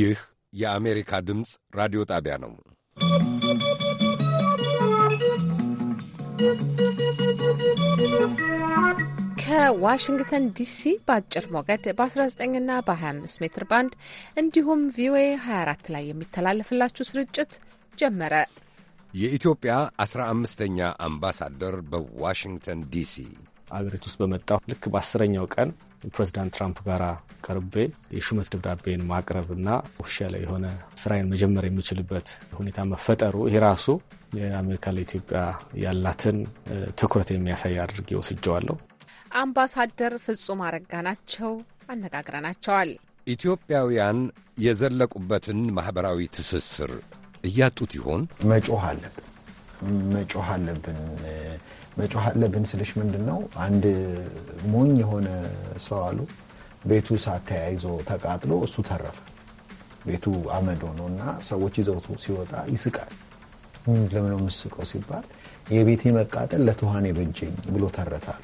ይህ የአሜሪካ ድምፅ ራዲዮ ጣቢያ ነው። ከዋሽንግተን ዲሲ በአጭር ሞገድ በ19 ና በ25 ሜትር ባንድ እንዲሁም ቪኦኤ 24 ላይ የሚተላለፍላችሁ ስርጭት ጀመረ። የኢትዮጵያ 15ኛ አምባሳደር በዋሽንግተን ዲሲ አገሪቱ ውስጥ በመጣው ልክ በአስረኛው ቀን ፕሬዚዳንት ትራምፕ ጋር ቀርቤ የሹመት ደብዳቤን ማቅረብ እና ኦፊሻል የሆነ ስራዬን መጀመር የሚችልበት ሁኔታ መፈጠሩ ይሄ ራሱ የአሜሪካ ለኢትዮጵያ ያላትን ትኩረት የሚያሳይ አድርጌ ወስጀዋለሁ። አምባሳደር ፍጹም አረጋ ናቸው አነጋግረናቸዋል። ኢትዮጵያውያን የዘለቁበትን ማኅበራዊ ትስስር እያጡት ይሆን? መጮህ አለብን መጮህ አለብን። መጮህ አለብን ስልሽ ምንድን ነው አንድ ሞኝ የሆነ ሰው አሉ ቤቱ እሳት ተያይዞ ተቃጥሎ እሱ ተረፈ። ቤቱ አመድ ሆኖ እና ሰዎች ይዘውቱ ሲወጣ ይስቃል። ለምን ምስቀው ሲባል የቤቴ መቃጠል ለትኋኔ በጀኝ ብሎ ተረታሉ።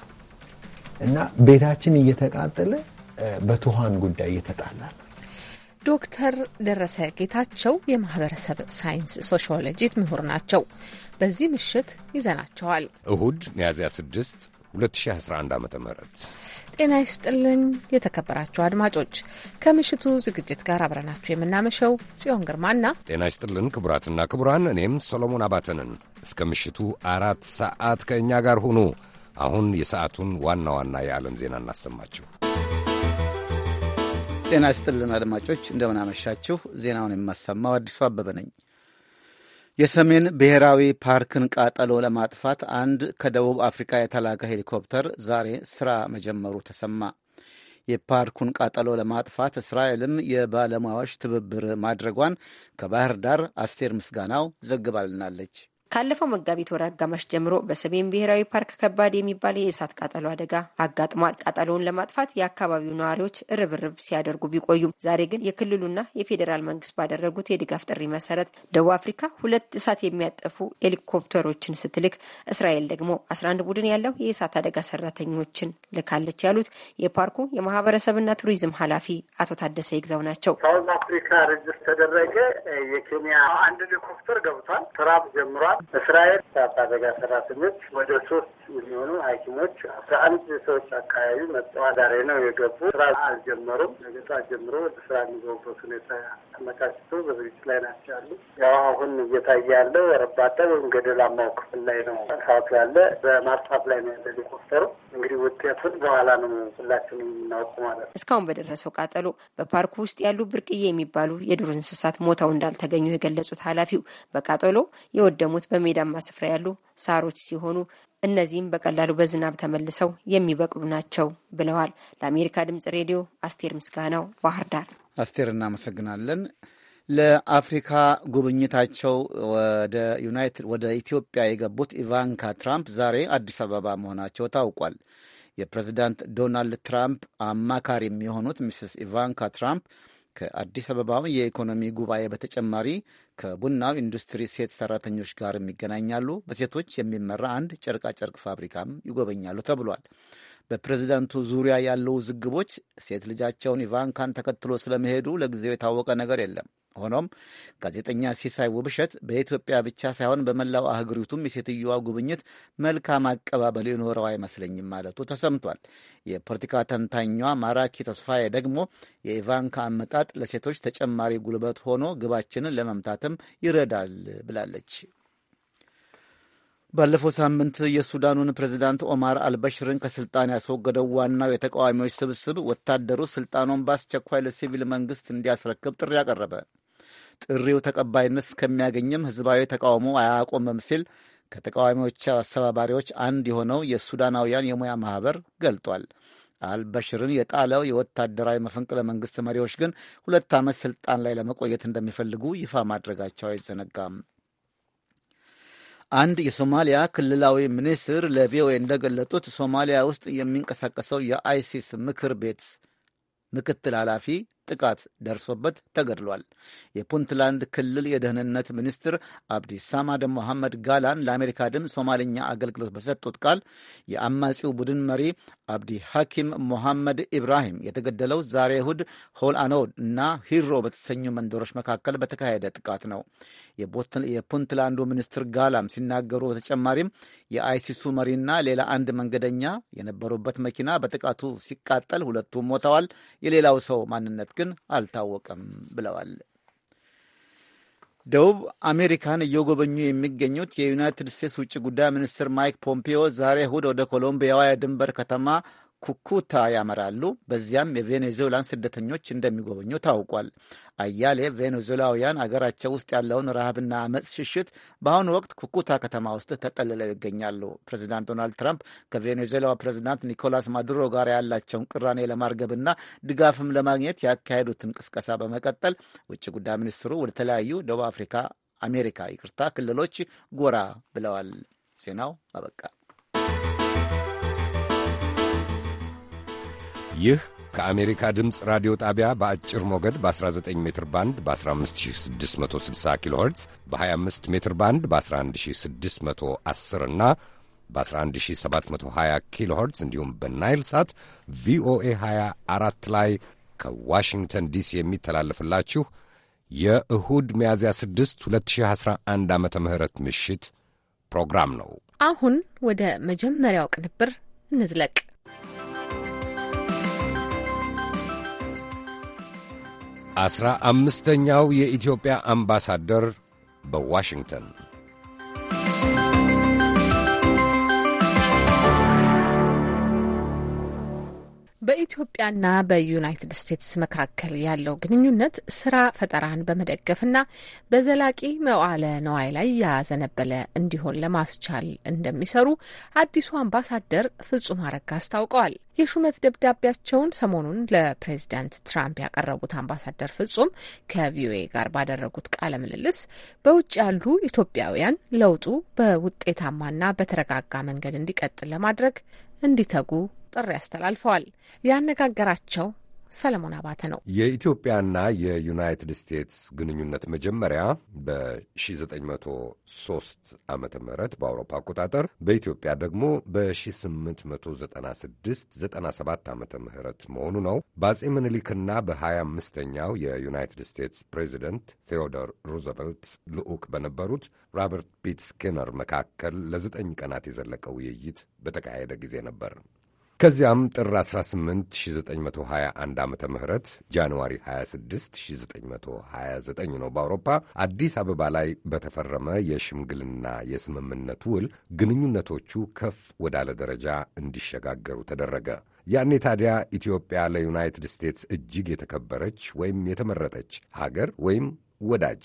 እና ቤታችን እየተቃጠለ በትኋን ጉዳይ እየተጣላል ዶክተር ደረሰ ጌታቸው የማህበረሰብ ሳይንስ ሶሺዮሎጂት ምሁር ናቸው። በዚህ ምሽት ይዘናቸዋል። እሁድ ሚያዝያ 6 2011 ዓ ም ጤና ይስጥልን የተከበራችሁ አድማጮች፣ ከምሽቱ ዝግጅት ጋር አብረናችሁ የምናመሸው ጽዮን ግርማና ጤና ይስጥልን ክቡራትና ክቡራን፣ እኔም ሰሎሞን አባተንን እስከ ምሽቱ አራት ሰዓት ከእኛ ጋር ሁኑ። አሁን የሰዓቱን ዋና ዋና የዓለም ዜና እናሰማችሁ። ጤና ይስጥልን አድማጮች፣ እንደምናመሻችሁ። ዜናውን የማሰማው አዲሱ አበበ ነኝ። የሰሜን ብሔራዊ ፓርክን ቃጠሎ ለማጥፋት አንድ ከደቡብ አፍሪካ የተላከ ሄሊኮፕተር ዛሬ ስራ መጀመሩ ተሰማ። የፓርኩን ቃጠሎ ለማጥፋት እስራኤልም የባለሙያዎች ትብብር ማድረጓን ከባህር ዳር አስቴር ምስጋናው ዘግባልናለች። ካለፈው መጋቢት ወር አጋማሽ ጀምሮ በሰሜን ብሔራዊ ፓርክ ከባድ የሚባል የእሳት ቃጠሎ አደጋ አጋጥሟል። ቃጠሎውን ለማጥፋት የአካባቢው ነዋሪዎች ርብርብ ሲያደርጉ ቢቆዩም ዛሬ ግን የክልሉና የፌዴራል መንግስት ባደረጉት የድጋፍ ጥሪ መሰረት ደቡብ አፍሪካ ሁለት እሳት የሚያጠፉ ሄሊኮፕተሮችን ስትልክ እስራኤል ደግሞ 11 ቡድን ያለው የእሳት አደጋ ሰራተኞችን ልካለች ያሉት የፓርኩ የማህበረሰብና ቱሪዝም ኃላፊ አቶ ታደሰ ይግዛው ናቸው። ሳውዝ አፍሪካ ርጅስ ተደረገ። የኬንያ አንድ ሄሊኮፕተር ገብቷል። ስራ ጀምሯል። እስራኤል አደጋ ሰራተኞች ወደ ሶስት የሚሆኑ ሐኪሞች አስራ አንድ ሰዎች አካባቢ መጠዋ ዛሬ ነው የገቡ። ስራ አልጀመሩም። ነገ ጠዋት ጀምሮ ወደ ስራ የሚገቡበት ሁኔታ ተመቻችቶ በዝግጅት ላይ ናቸው ያሉ። ያው አሁን እየታየ ያለው ወረባታ ወይም ገደላማው ክፍል ላይ ነው ሳቱ ያለ። በማጥፋት ላይ ነው ያለ ሄሊኮፕተሩ። እንግዲህ ውጤቱን በኋላ ነው ሁላችን የምናውቁ ማለት ነው። እስካሁን በደረሰው ቃጠሎ በፓርኩ ውስጥ ያሉ ብርቅዬ የሚባሉ የዱር እንስሳት ሞተው እንዳልተገኙ የገለጹት ኃላፊው በቃጠሎ የወደሙት የሚበቅሉት በሜዳማ ስፍራ ያሉ ሳሮች ሲሆኑ እነዚህም በቀላሉ በዝናብ ተመልሰው የሚበቅሉ ናቸው ብለዋል። ለአሜሪካ ድምጽ ሬዲዮ አስቴር ምስጋናው ባህር ዳር። አስቴር እናመሰግናለን። ለአፍሪካ ጉብኝታቸው ወደ ዩናይትድ ወደ ኢትዮጵያ የገቡት ኢቫንካ ትራምፕ ዛሬ አዲስ አበባ መሆናቸው ታውቋል። የፕሬዚዳንት ዶናልድ ትራምፕ አማካሪ የሚሆኑት ሚስስ ኢቫንካ ትራምፕ ከአዲስ አበባው የኢኮኖሚ ጉባኤ በተጨማሪ ከቡናው ኢንዱስትሪ ሴት ሰራተኞች ጋርም ይገናኛሉ። በሴቶች የሚመራ አንድ ጨርቃጨርቅ ፋብሪካም ይጎበኛሉ ተብሏል። በፕሬዚዳንቱ ዙሪያ ያለው ውዝግቦች ሴት ልጃቸውን ኢቫንካን ተከትሎ ስለመሄዱ ለጊዜው የታወቀ ነገር የለም። ሆኖም ጋዜጠኛ ሲሳይ ውብሸት በኢትዮጵያ ብቻ ሳይሆን በመላው አህጉሪቱም የሴትዮዋ ጉብኝት መልካም አቀባበል ይኖረው አይመስለኝም ማለቱ ተሰምቷል። የፖለቲካ ተንታኟ ማራኪ ተስፋዬ ደግሞ የኢቫንካ አመጣጥ ለሴቶች ተጨማሪ ጉልበት ሆኖ ግባችንን ለመምታትም ይረዳል ብላለች። ባለፈው ሳምንት የሱዳኑን ፕሬዚዳንት ኦማር አልበሽርን ከስልጣን ያስወገደው ዋናው የተቃዋሚዎች ስብስብ ወታደሩ ስልጣኑን በአስቸኳይ ለሲቪል መንግስት እንዲያስረክብ ጥሪ አቀረበ። ጥሪው ተቀባይነት እስከሚያገኝም ህዝባዊ ተቃውሞ አያቆምም ሲል ከተቃዋሚዎች አስተባባሪዎች አንድ የሆነው የሱዳናውያን የሙያ ማህበር ገልጧል። አልበሽርን የጣለው የወታደራዊ መፈንቅለ መንግስት መሪዎች ግን ሁለት ዓመት ስልጣን ላይ ለመቆየት እንደሚፈልጉ ይፋ ማድረጋቸው አይዘነጋም። አንድ የሶማሊያ ክልላዊ ሚኒስትር ለቪኦኤ እንደገለጡት ሶማሊያ ውስጥ የሚንቀሳቀሰው የአይሲስ ምክር ቤት ምክትል ኃላፊ ጥቃት ደርሶበት ተገድሏል። የፑንትላንድ ክልል የደህንነት ሚኒስትር አብዲ መሐመድ ጋላን ለአሜሪካ ድምፅ ሶማልኛ አገልግሎት በሰጡት ቃል የአማጺው ቡድን መሪ አብዲ ሐኪም ሞሐመድ ኢብራሂም የተገደለው ዛሬ እሁድ ሆል አኖድ እና ሂሮ በተሰኙ መንደሮች መካከል በተካሄደ ጥቃት ነው። የፑንትላንዱ ሚኒስትር ጋላም ሲናገሩ በተጨማሪም የአይሲሱ መሪና ሌላ አንድ መንገደኛ የነበሩበት መኪና በጥቃቱ ሲቃጠል ሁለቱም ሞተዋል። የሌላው ሰው ማንነት ግን አልታወቀም ብለዋል። ደቡብ አሜሪካን እየጎበኙ የሚገኙት የዩናይትድ ስቴትስ ውጭ ጉዳይ ሚኒስትር ማይክ ፖምፒዮ ዛሬ እሁድ ወደ ኮሎምቢያዋ የድንበር ከተማ ኩኩታ ያመራሉ። በዚያም የቬኔዙዌላን ስደተኞች እንደሚጎበኙ ታውቋል። አያሌ ቬኔዙዌላውያን አገራቸው ውስጥ ያለውን ረሃብና አመፅ ሽሽት በአሁኑ ወቅት ኩኩታ ከተማ ውስጥ ተጠልለው ይገኛሉ። ፕሬዚዳንት ዶናልድ ትራምፕ ከቬኔዙዌላው ፕሬዚዳንት ኒኮላስ ማዱሮ ጋር ያላቸውን ቅራኔ ለማርገብና ድጋፍም ለማግኘት ያካሄዱትን ቅስቀሳ በመቀጠል ውጭ ጉዳይ ሚኒስትሩ ወደ ተለያዩ ደቡብ አፍሪካ፣ አሜሪካ ይቅርታ ክልሎች ጎራ ብለዋል። ዜናው አበቃ። ይህ ከአሜሪካ ድምፅ ራዲዮ ጣቢያ በአጭር ሞገድ በ19 ሜትር ባንድ በ15660 ኪሎ ኸርትዝ በ25 ሜትር ባንድ በ11610 እና በ11720 ኪሎ ኸርትዝ እንዲሁም በናይል ሳት ቪኦኤ 24 ላይ ከዋሽንግተን ዲሲ የሚተላለፍላችሁ የእሁድ ሚያዝያ 6 2011 ዓ ም ምሽት ፕሮግራም ነው። አሁን ወደ መጀመሪያው ቅንብር እንዝለቅ። አስራ አምስተኛው የኢትዮጵያ አምባሳደር በዋሽንግተን በኢትዮጵያና በዩናይትድ ስቴትስ መካከል ያለው ግንኙነት ስራ ፈጠራን በመደገፍና በዘላቂ መዋለ ነዋይ ላይ ያዘነበለ እንዲሆን ለማስቻል እንደሚሰሩ አዲሱ አምባሳደር ፍጹም አረጋ አስታውቀዋል። የሹመት ደብዳቤያቸውን ሰሞኑን ለፕሬዚዳንት ትራምፕ ያቀረቡት አምባሳደር ፍጹም ከቪኦኤ ጋር ባደረጉት ቃለ ምልልስ በውጭ ያሉ ኢትዮጵያውያን ለውጡ በውጤታማና በተረጋጋ መንገድ እንዲቀጥል ለማድረግ እንዲተጉ ጥሪ አስተላልፈዋል። ያነጋገራቸው ሰለሞን አባተ ነው። የኢትዮጵያና የዩናይትድ ስቴትስ ግንኙነት መጀመሪያ በ1903 ዓ ም በአውሮፓ አቆጣጠር በኢትዮጵያ ደግሞ በ1896-97 ዓ ም መሆኑ ነው። በአጼ ምኒልክና በ25ኛው የዩናይትድ ስቴትስ ፕሬዚደንት ቴዎዶር ሩዘቨልት ልዑክ በነበሩት ሮበርት ፒት ስኪነር መካከል ለዘጠኝ ቀናት የዘለቀ ውይይት በተካሄደ ጊዜ ነበር። ከዚያም ጥር 18 1921 ዓ ም ጃንዋሪ 26 1929 ነው በአውሮፓ አዲስ አበባ ላይ በተፈረመ የሽምግልና የስምምነት ውል ግንኙነቶቹ ከፍ ወዳለ ደረጃ እንዲሸጋገሩ ተደረገ። ያኔ ታዲያ ኢትዮጵያ ለዩናይትድ ስቴትስ እጅግ የተከበረች ወይም የተመረጠች ሀገር ወይም ወዳጅ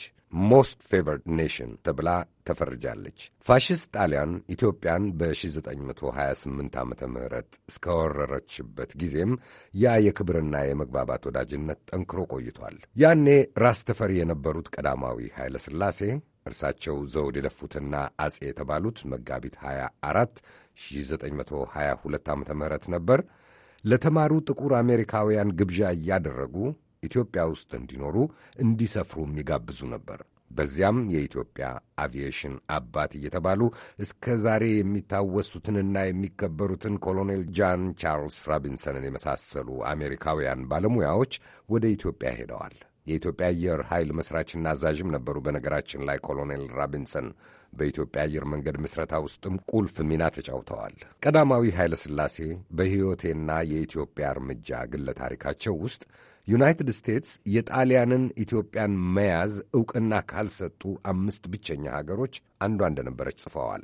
ሞስት ፌቨርድ ኔሽን ተብላ ተፈርጃለች። ፋሽስት ጣሊያን ኢትዮጵያን በ1928 ዓ ም እስከወረረችበት ጊዜም ያ የክብርና የመግባባት ወዳጅነት ጠንክሮ ቆይቷል። ያኔ ራስ ተፈሪ የነበሩት ቀዳማዊ ኃይለ ሥላሴ እርሳቸው ዘውድ የደፉትና አጼ የተባሉት መጋቢት 24 1922 ዓ ም ነበር ለተማሩ ጥቁር አሜሪካውያን ግብዣ እያደረጉ ኢትዮጵያ ውስጥ እንዲኖሩ እንዲሰፍሩ የሚጋብዙ ነበር። በዚያም የኢትዮጵያ አቪዬሽን አባት እየተባሉ እስከ ዛሬ የሚታወሱትንና የሚከበሩትን ኮሎኔል ጃን ቻርልስ ራቢንሰንን የመሳሰሉ አሜሪካውያን ባለሙያዎች ወደ ኢትዮጵያ ሄደዋል። የኢትዮጵያ አየር ኃይል መስራችና አዛዥም ነበሩ። በነገራችን ላይ ኮሎኔል ራቢንሰን በኢትዮጵያ አየር መንገድ ምስረታ ውስጥም ቁልፍ ሚና ተጫውተዋል። ቀዳማዊ ኃይለ ሥላሴ በሕይወቴና የኢትዮጵያ እርምጃ ግለ ታሪካቸው ውስጥ ዩናይትድ ስቴትስ የጣሊያንን ኢትዮጵያን መያዝ ዕውቅና ካልሰጡ አምስት ብቸኛ ሀገሮች አንዷ እንደነበረች ጽፈዋል።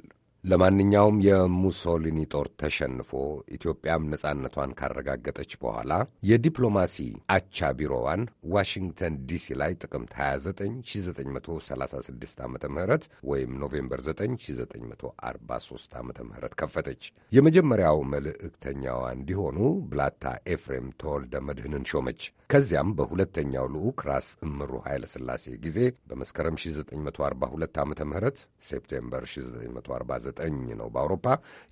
ለማንኛውም የሙሶሊኒ ጦር ተሸንፎ ኢትዮጵያም ነጻነቷን ካረጋገጠች በኋላ የዲፕሎማሲ አቻ ቢሮዋን ዋሽንግተን ዲሲ ላይ ጥቅምት 29936 ዓ ም ወይም ኖቬምበር 9943 ዓ ም ከፈተች። የመጀመሪያው መልእክተኛዋ እንዲሆኑ ብላታ ኤፍሬም ተወልደ መድህንን ሾመች። ከዚያም በሁለተኛው ልዑክ ራስ እምሩ ኃይለ ሥላሴ ጊዜ በመስከረም 1942 ዓ ም ሴፕቴምበር 1949 2009 ነው በአውሮፓ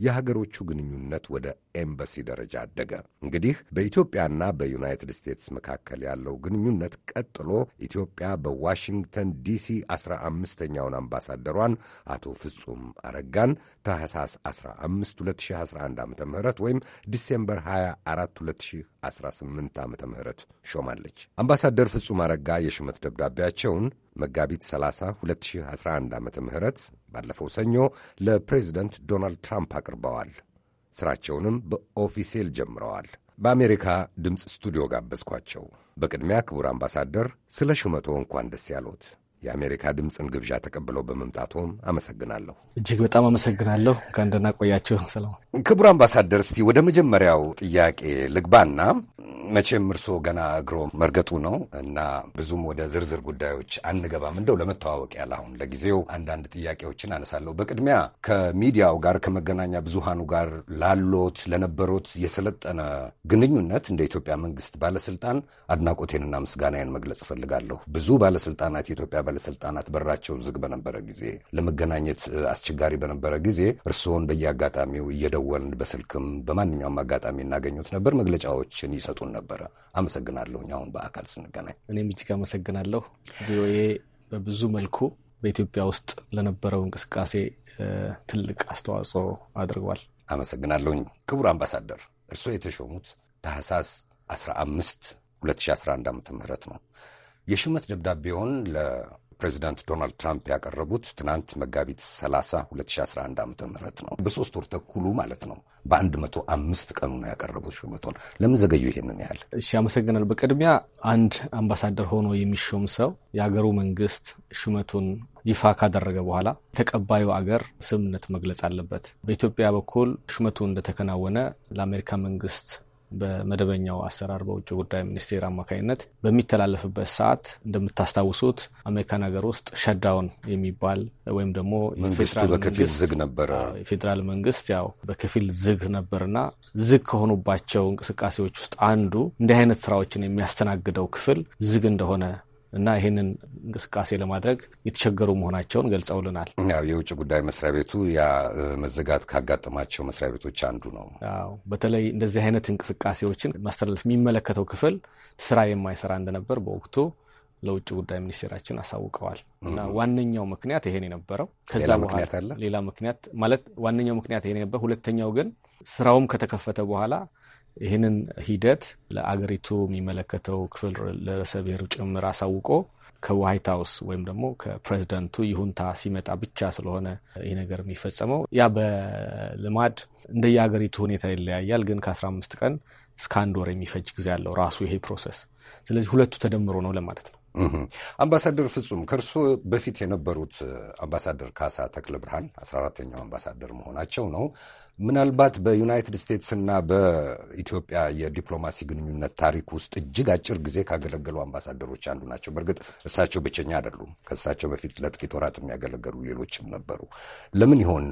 የሀገሮቹ ግንኙነት ወደ ኤምባሲ ደረጃ አደገ። እንግዲህ በኢትዮጵያና በዩናይትድ ስቴትስ መካከል ያለው ግንኙነት ቀጥሎ ኢትዮጵያ በዋሽንግተን ዲሲ 15ኛውን አምባሳደሯን አቶ ፍጹም አረጋን ታህሳስ 15 2011 ዓ ም ወይም ዲሴምበር 24 2018 ዓ ም ሾማለች። አምባሳደር ፍጹም አረጋ የሹመት ደብዳቤያቸውን መጋቢት 30 2011 ዓ ም ባለፈው ሰኞ ለፕሬዚደንት ዶናልድ ትራምፕ አቅርበዋል። ሥራቸውንም በኦፊሴል ጀምረዋል። በአሜሪካ ድምፅ ስቱዲዮ ጋበዝኳቸው። በቅድሚያ ክቡር አምባሳደር ስለ ሹመቶ እንኳን ደስ ያሎት። የአሜሪካ ድምፅን ግብዣ ተቀብለው በመምጣቱም አመሰግናለሁ። እጅግ በጣም አመሰግናለሁ። ከአንደና ቆያችሁ ሰላም ክቡር አምባሳደር፣ እስቲ ወደ መጀመሪያው ጥያቄ ልግባና መቼም እርስዎ ገና እግሮ መርገጡ ነው እና ብዙም ወደ ዝርዝር ጉዳዮች አንገባም። እንደው ለመተዋወቅ ያለ አሁን ለጊዜው አንዳንድ ጥያቄዎችን አነሳለሁ። በቅድሚያ ከሚዲያው ጋር ከመገናኛ ብዙሃኑ ጋር ላሎት ለነበሩት የሰለጠነ ግንኙነት እንደ ኢትዮጵያ መንግስት ባለስልጣን አድናቆቴንና ምስጋናዬን መግለጽ እፈልጋለሁ። ብዙ ባለስልጣናት የኢትዮጵያ ባለስልጣናት በራቸው ዝግ በነበረ ጊዜ፣ ለመገናኘት አስቸጋሪ በነበረ ጊዜ እርስዎን በየአጋጣሚው እየደወልን በስልክም በማንኛውም አጋጣሚ እናገኙት ነበር። መግለጫዎችን ይሰጡን ነበረ። አመሰግናለሁኝ። አሁን በአካል ስንገናኝ እኔም እጅግ አመሰግናለሁ። ቪኦኤ በብዙ መልኩ በኢትዮጵያ ውስጥ ለነበረው እንቅስቃሴ ትልቅ አስተዋጽኦ አድርጓል። አመሰግናለሁኝ። ክቡር አምባሳደር እርስዎ የተሾሙት ታህሳስ 15 2011 ዓ ም ነው። የሹመት ደብዳቤውን ፕሬዚዳንት ዶናልድ ትራምፕ ያቀረቡት ትናንት መጋቢት 30 2011 ዓ ም ነው። በሶስት ወር ተኩሉ ማለት ነው። በአንድ መቶ አምስት ቀኑ ነው ያቀረቡት ሹመቶን። ለምን ዘገዩ ይሄንን ያህል? እሺ፣ አመሰግናል። በቅድሚያ አንድ አምባሳደር ሆኖ የሚሾም ሰው የአገሩ መንግስት ሹመቱን ይፋ ካደረገ በኋላ የተቀባዩ አገር ስምምነት መግለጽ አለበት። በኢትዮጵያ በኩል ሹመቱ እንደተከናወነ ለአሜሪካ መንግስት በመደበኛው አሰራር በውጭ ጉዳይ ሚኒስቴር አማካኝነት በሚተላለፍበት ሰዓት እንደምታስታውሱት አሜሪካን ሀገር ውስጥ ሸዳውን የሚባል ወይም ደግሞ መንግስቱ በከፊል ዝግ ነበረ። የፌዴራል መንግስት ያው በከፊል ዝግ ነበርና ዝግ ከሆኑባቸው እንቅስቃሴዎች ውስጥ አንዱ እንዲህ አይነት ስራዎችን የሚያስተናግደው ክፍል ዝግ እንደሆነ እና ይህንን እንቅስቃሴ ለማድረግ የተቸገሩ መሆናቸውን ገልጸውልናል። የውጭ ጉዳይ መስሪያ ቤቱ ያ መዘጋት ካጋጠማቸው መስሪያ ቤቶች አንዱ ነው። በተለይ እንደዚህ አይነት እንቅስቃሴዎችን ማስተላለፍ የሚመለከተው ክፍል ስራ የማይሰራ እንደነበር በወቅቱ ለውጭ ጉዳይ ሚኒስቴራችን አሳውቀዋል እና ዋነኛው ምክንያት ይሄን የነበረው ከዛ በኋላ ሌላ ምክንያት ማለት ዋነኛው ምክንያት ይሄን የነበረ ሁለተኛው ግን ስራውም ከተከፈተ በኋላ ይህንን ሂደት ለአገሪቱ የሚመለከተው ክፍል ርዕሰ ብሔሩ ጭምር አሳውቆ ከዋይት ሀውስ ወይም ደግሞ ከፕሬዚደንቱ ይሁንታ ሲመጣ ብቻ ስለሆነ ይህ ነገር የሚፈጸመው ያ በልማድ እንደየሀገሪቱ ሁኔታ ይለያያል። ግን ከአስራ አምስት ቀን እስከ አንድ ወር የሚፈጅ ጊዜ አለው ራሱ ይሄ ፕሮሰስ። ስለዚህ ሁለቱ ተደምሮ ነው ለማለት ነው። አምባሳደር ፍጹም ከእርስ በፊት የነበሩት አምባሳደር ካሳ ተክለ ብርሃን አስራ አራተኛው አምባሳደር መሆናቸው ነው። ምናልባት በዩናይትድ ስቴትስና በኢትዮጵያ የዲፕሎማሲ ግንኙነት ታሪክ ውስጥ እጅግ አጭር ጊዜ ካገለገሉ አምባሳደሮች አንዱ ናቸው። በእርግጥ እርሳቸው ብቸኛ አይደሉም። ከእሳቸው በፊት ለጥቂት ወራት የሚያገለገሉ ሌሎችም ነበሩ። ለምን ይሆን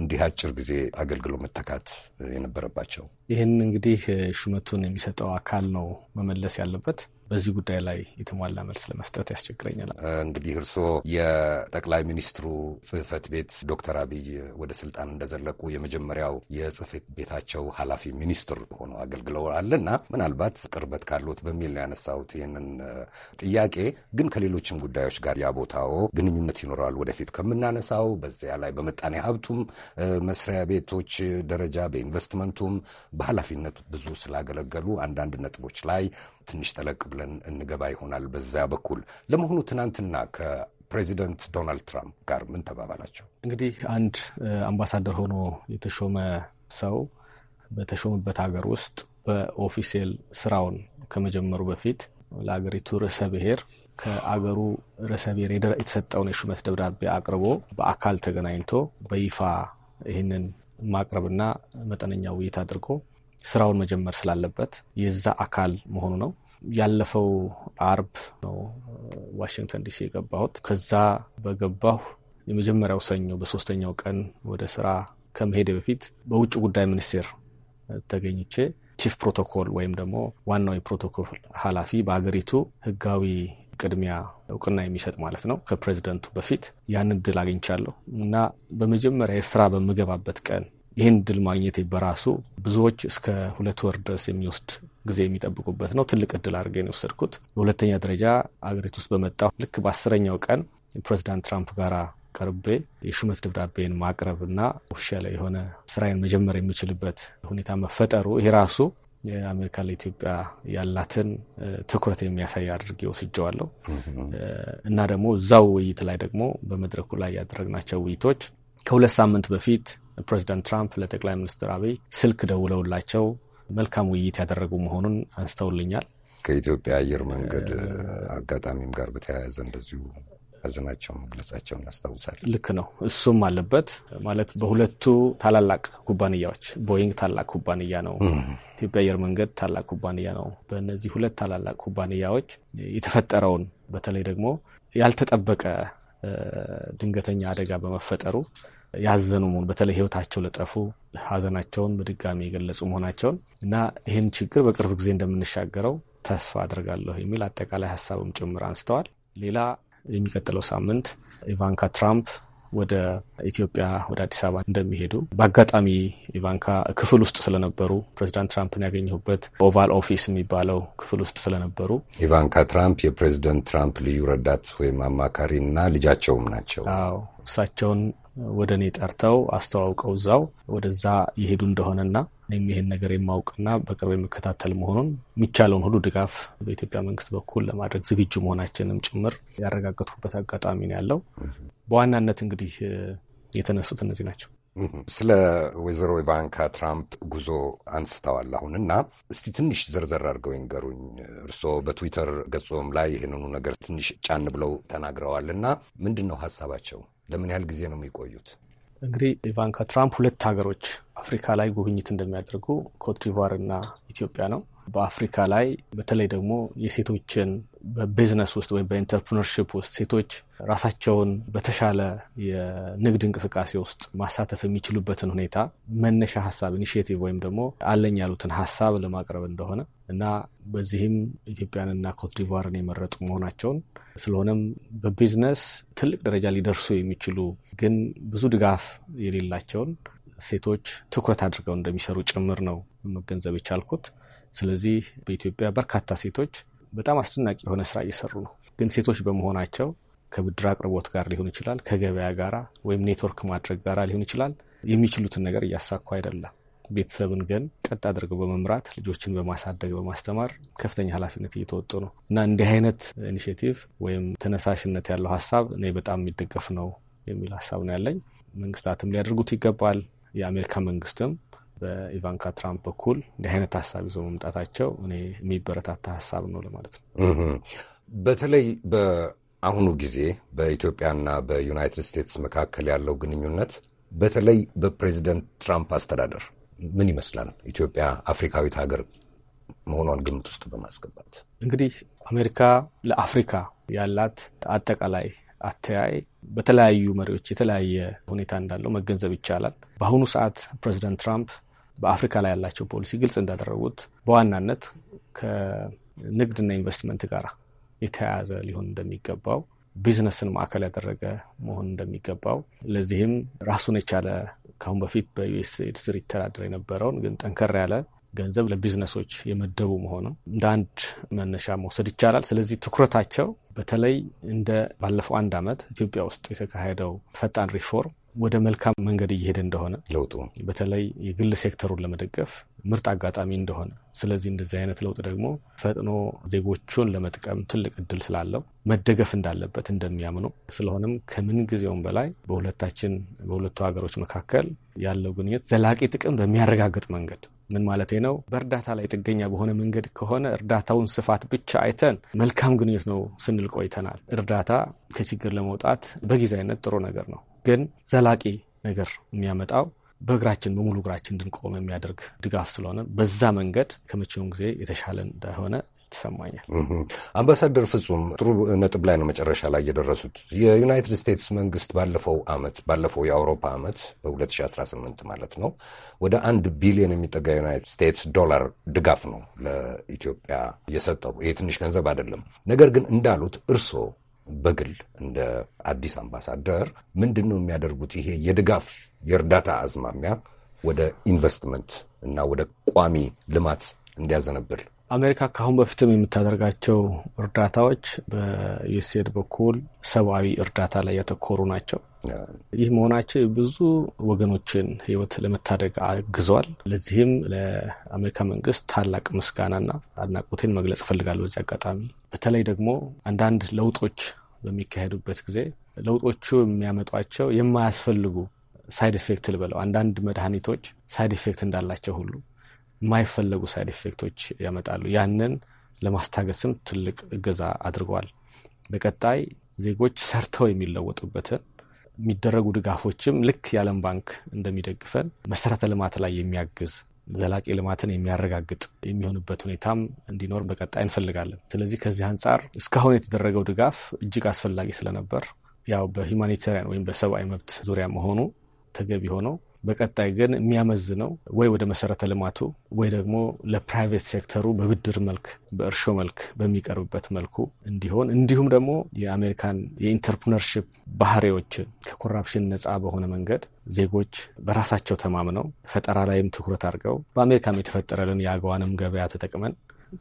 እንዲህ አጭር ጊዜ አገልግሎ መተካት የነበረባቸው? ይህን እንግዲህ ሹመቱን የሚሰጠው አካል ነው መመለስ ያለበት። በዚህ ጉዳይ ላይ የተሟላ መልስ ለመስጠት ያስቸግረኛል። እንግዲህ እርስዎ የጠቅላይ ሚኒስትሩ ጽህፈት ቤት ዶክተር አብይ ወደ ስልጣን እንደዘለቁ የመጀመሪያው የጽህፈት ቤታቸው ኃላፊ ሚኒስትር ሆኖ አገልግለዋል እና ምናልባት ቅርበት ካሉት በሚል ነው ያነሳሁት ይህንን ጥያቄ። ግን ከሌሎችም ጉዳዮች ጋር ያቦታው ግንኙነት ይኖረዋል ወደፊት ከምናነሳው። በዚያ ላይ በምጣኔ ሀብቱም መስሪያ ቤቶች ደረጃ በኢንቨስትመንቱም በኃላፊነት ብዙ ስላገለገሉ አንዳንድ ነጥቦች ላይ ትንሽ ጠለቅ ብለን እንገባ ይሆናል በዚያ በኩል። ለመሆኑ ትናንትና ከፕሬዚደንት ዶናልድ ትራምፕ ጋር ምን ተባባላቸው? እንግዲህ አንድ አምባሳደር ሆኖ የተሾመ ሰው በተሾመበት ሀገር ውስጥ በኦፊሴል ስራውን ከመጀመሩ በፊት ለሀገሪቱ ርዕሰ ብሔር ከአገሩ ርዕሰ ብሔር የተሰጠውን የሹመት ደብዳቤ አቅርቦ በአካል ተገናኝቶ በይፋ ይህንን ማቅረብና መጠነኛ ውይይት አድርጎ ስራውን መጀመር ስላለበት የዛ አካል መሆኑ ነው። ያለፈው አርብ ነው ዋሽንግተን ዲሲ የገባሁት። ከዛ በገባሁ የመጀመሪያው ሰኞ በሶስተኛው ቀን ወደ ስራ ከመሄድ በፊት በውጭ ጉዳይ ሚኒስቴር ተገኝቼ ቺፍ ፕሮቶኮል ወይም ደግሞ ዋናው የፕሮቶኮል ኃላፊ በሀገሪቱ ህጋዊ ቅድሚያ እውቅና የሚሰጥ ማለት ነው ከፕሬዚደንቱ በፊት ያን እድል አግኝቻለሁ እና በመጀመሪያ የስራ በምገባበት ቀን ይህን ድል ማግኘቴ በራሱ ብዙዎች እስከ ሁለት ወር ድረስ የሚወስድ ጊዜ የሚጠብቁበት ነው። ትልቅ እድል አድርገ ነው የወሰድኩት። በሁለተኛ ደረጃ አገሪቱ ውስጥ በመጣሁ ልክ በአስረኛው ቀን ፕሬዚዳንት ትራምፕ ጋራ ቀርቤ የሹመት ደብዳቤን ማቅረብ እና ኦፊሻል የሆነ ስራዬን መጀመር የሚችልበት ሁኔታ መፈጠሩ ይሄ ራሱ የአሜሪካ ለኢትዮጵያ ያላትን ትኩረት የሚያሳይ አድርጌ ወስጀዋለሁ እና ደግሞ እዛው ውይይት ላይ ደግሞ በመድረኩ ላይ ያደረግናቸው ውይይቶች ከሁለት ሳምንት በፊት ፕሬዚዳንት ትራምፕ ለጠቅላይ ሚኒስትር አብይ ስልክ ደውለውላቸው መልካም ውይይት ያደረጉ መሆኑን አንስተውልኛል። ከኢትዮጵያ አየር መንገድ አጋጣሚም ጋር በተያያዘ እንደዚሁ ሀዘናቸው መግለጻቸውን ያስታውሳል። ልክ ነው። እሱም አለበት ማለት በሁለቱ ታላላቅ ኩባንያዎች ቦይንግ ታላቅ ኩባንያ ነው፣ ኢትዮጵያ አየር መንገድ ታላቅ ኩባንያ ነው። በእነዚህ ሁለት ታላላቅ ኩባንያዎች የተፈጠረውን በተለይ ደግሞ ያልተጠበቀ ድንገተኛ አደጋ በመፈጠሩ ያዘኑ መሆኑ በተለይ ህይወታቸው ለጠፉ ሀዘናቸውን በድጋሚ የገለጹ መሆናቸውን እና ይህን ችግር በቅርብ ጊዜ እንደምንሻገረው ተስፋ አድርጋለሁ የሚል አጠቃላይ ሀሳብም ጭምር አንስተዋል። ሌላ የሚቀጥለው ሳምንት ኢቫንካ ትራምፕ ወደ ኢትዮጵያ ወደ አዲስ አበባ እንደሚሄዱ በአጋጣሚ ኢቫንካ ክፍል ውስጥ ስለነበሩ ፕሬዚዳንት ትራምፕን ያገኘሁበት ኦቫል ኦፊስ የሚባለው ክፍል ውስጥ ስለነበሩ ኢቫንካ ትራምፕ የፕሬዚደንት ትራምፕ ልዩ ረዳት ወይም አማካሪ እና ልጃቸውም ናቸው። አዎ እሳቸውን ወደ እኔ ጠርተው አስተዋውቀው እዛው ወደዛ የሄዱ እንደሆነና እኔም ይህን ነገር የማውቅና በቅርብ የምከታተል መሆኑን የሚቻለውን ሁሉ ድጋፍ በኢትዮጵያ መንግስት በኩል ለማድረግ ዝግጁ መሆናችንም ጭምር ያረጋገጥኩበት አጋጣሚ ነው ያለው። በዋናነት እንግዲህ የተነሱት እነዚህ ናቸው። ስለ ወይዘሮ ኢቫንካ ትራምፕ ጉዞ አንስተዋል። አሁን እና እስቲ ትንሽ ዘርዘር አድርገው ይንገሩኝ። እርስዎ በትዊተር ገጾም ላይ ይህንኑ ነገር ትንሽ ጫን ብለው ተናግረዋል እና ምንድን ነው ሀሳባቸው? ለምን ያህል ጊዜ ነው የሚቆዩት? እንግዲህ ኢቫንካ ትራምፕ ሁለት ሀገሮች አፍሪካ ላይ ጉብኝት እንደሚያደርጉ ኮትዲቫር እና ኢትዮጵያ ነው። በአፍሪካ ላይ በተለይ ደግሞ የሴቶችን በቢዝነስ ውስጥ ወይም በኢንተርፕርነርሽፕ ውስጥ ሴቶች ራሳቸውን በተሻለ የንግድ እንቅስቃሴ ውስጥ ማሳተፍ የሚችሉበትን ሁኔታ መነሻ ሀሳብ ኢኒሽቲቭ ወይም ደግሞ አለኝ ያሉትን ሀሳብ ለማቅረብ እንደሆነ እና በዚህም ኢትዮጵያንና ኮትዲቫርን የመረጡ መሆናቸውን ስለሆነም በቢዝነስ ትልቅ ደረጃ ሊደርሱ የሚችሉ ግን ብዙ ድጋፍ የሌላቸውን ሴቶች ትኩረት አድርገው እንደሚሰሩ ጭምር ነው መገንዘብ የቻልኩት። ስለዚህ በኢትዮጵያ በርካታ ሴቶች በጣም አስደናቂ የሆነ ስራ እየሰሩ ነው። ግን ሴቶች በመሆናቸው ከብድር አቅርቦት ጋር ሊሆን ይችላል፣ ከገበያ ጋራ ወይም ኔትወርክ ማድረግ ጋር ሊሆን ይችላል። የሚችሉትን ነገር እያሳኩ አይደለም። ቤተሰብን ግን ቀጥ አድርገው በመምራት ልጆችን በማሳደግ በማስተማር ከፍተኛ ኃላፊነት እየተወጡ ነው እና እንዲህ አይነት ኢኒሽቲቭ ወይም ተነሳሽነት ያለው ሀሳብ እኔ በጣም የሚደገፍ ነው የሚል ሀሳብ ነው ያለኝ። መንግስታትም ሊያደርጉት ይገባል። የአሜሪካ መንግስትም በኢቫንካ ትራምፕ በኩል እንዲህ አይነት ሀሳብ ይዘው መምጣታቸው እኔ የሚበረታታ ሀሳብ ነው ለማለት ነው። በተለይ በአሁኑ ጊዜ በኢትዮጵያና በዩናይትድ ስቴትስ መካከል ያለው ግንኙነት በተለይ በፕሬዚደንት ትራምፕ አስተዳደር ምን ይመስላል? ኢትዮጵያ አፍሪካዊት ሀገር መሆኗን ግምት ውስጥ በማስገባት እንግዲህ አሜሪካ ለአፍሪካ ያላት አጠቃላይ አተያይ በተለያዩ መሪዎች የተለያየ ሁኔታ እንዳለው መገንዘብ ይቻላል። በአሁኑ ሰዓት ፕሬዚደንት ትራምፕ በአፍሪካ ላይ ያላቸው ፖሊሲ ግልጽ እንዳደረጉት በዋናነት ከንግድና ኢንቨስትመንት ጋር የተያያዘ ሊሆን እንደሚገባው ቢዝነስን ማዕከል ያደረገ መሆን እንደሚገባው ለዚህም ራሱን የቻለ ከአሁን በፊት በዩኤስኤድ ስር ይተዳደር የነበረውን ግን ጠንከር ያለ ገንዘብ ለቢዝነሶች የመደቡ መሆኑ እንደ አንድ መነሻ መውሰድ ይቻላል። ስለዚህ ትኩረታቸው በተለይ እንደ ባለፈው አንድ ዓመት ኢትዮጵያ ውስጥ የተካሄደው ፈጣን ሪፎርም ወደ መልካም መንገድ እየሄደ እንደሆነ ለውጡ በተለይ የግል ሴክተሩን ለመደገፍ ምርጥ አጋጣሚ እንደሆነ፣ ስለዚህ እንደዚህ አይነት ለውጥ ደግሞ ፈጥኖ ዜጎቹን ለመጥቀም ትልቅ እድል ስላለው መደገፍ እንዳለበት እንደሚያምኑ ስለሆነም ከምን ጊዜውም በላይ በሁለታችን በሁለቱ ሀገሮች መካከል ያለው ግንኙነት ዘላቂ ጥቅም በሚያረጋግጥ መንገድ ምን ማለት ነው? በእርዳታ ላይ ጥገኛ በሆነ መንገድ ከሆነ እርዳታውን ስፋት ብቻ አይተን መልካም ግንኙነት ነው ስንል ቆይተናል። እርዳታ ከችግር ለመውጣት አይነት ጥሩ ነገር ነው። ግን ዘላቂ ነገር የሚያመጣው በእግራችን በሙሉ እግራችን እንድንቆም የሚያደርግ ድጋፍ ስለሆነ በዛ መንገድ ከመቼውም ጊዜ የተሻለ እንደሆነ ይሰማኛል። አምባሳደር ፍጹም ጥሩ ነጥብ ላይ ነው መጨረሻ ላይ የደረሱት። የዩናይትድ ስቴትስ መንግስት ባለፈው ዓመት ባለፈው የአውሮፓ ዓመት በ2018 ማለት ነው ወደ አንድ ቢሊዮን የሚጠጋ የዩናይትድ ስቴትስ ዶላር ድጋፍ ነው ለኢትዮጵያ የሰጠው። ይህ ትንሽ ገንዘብ አይደለም። ነገር ግን እንዳሉት እርስዎ በግል እንደ አዲስ አምባሳደር ምንድን ነው የሚያደርጉት? ይሄ የድጋፍ የእርዳታ አዝማሚያ ወደ ኢንቨስትመንት እና ወደ ቋሚ ልማት እንዲያዘነብል አሜሪካ ከአሁን በፊትም የምታደርጋቸው እርዳታዎች በዩኤስኤድ በኩል ሰብአዊ እርዳታ ላይ ያተኮሩ ናቸው። ይህ መሆናቸው ብዙ ወገኖችን ህይወት ለመታደግ አግዟል። ለዚህም ለአሜሪካ መንግስት ታላቅ ምስጋናና አድናቆቴን መግለጽ እፈልጋለሁ። በዚህ አጋጣሚ በተለይ ደግሞ አንዳንድ ለውጦች በሚካሄዱበት ጊዜ ለውጦቹ የሚያመጧቸው የማያስፈልጉ ሳይድ ኢፌክት ልበለው አንዳንድ መድኃኒቶች ሳይድ ኢፌክት እንዳላቸው ሁሉ የማይፈለጉ ሳይድ ኢፌክቶች ያመጣሉ። ያንን ለማስታገስም ትልቅ እገዛ አድርገዋል። በቀጣይ ዜጎች ሰርተው የሚለወጡበትን የሚደረጉ ድጋፎችም ልክ የዓለም ባንክ እንደሚደግፈን መሰረተ ልማት ላይ የሚያግዝ ዘላቂ ልማትን የሚያረጋግጥ የሚሆንበት ሁኔታም እንዲኖር በቀጣይ እንፈልጋለን። ስለዚህ ከዚህ አንጻር እስካሁን የተደረገው ድጋፍ እጅግ አስፈላጊ ስለነበር ያው በሂማኒታሪያን ወይም በሰብአዊ መብት ዙሪያ መሆኑ ተገቢ ሆነው በቀጣይ ግን የሚያመዝነው ወይ ወደ መሰረተ ልማቱ ወይ ደግሞ ለፕራይቬት ሴክተሩ በብድር መልክ በእርሾ መልክ በሚቀርብበት መልኩ እንዲሆን እንዲሁም ደግሞ የአሜሪካን የኢንተርፕርነርሽፕ ባህሪዎችን ከኮራፕሽን ነፃ በሆነ መንገድ ዜጎች በራሳቸው ተማምነው ፈጠራ ላይም ትኩረት አድርገው በአሜሪካም የተፈጠረልን የአገዋንም ገበያ ተጠቅመን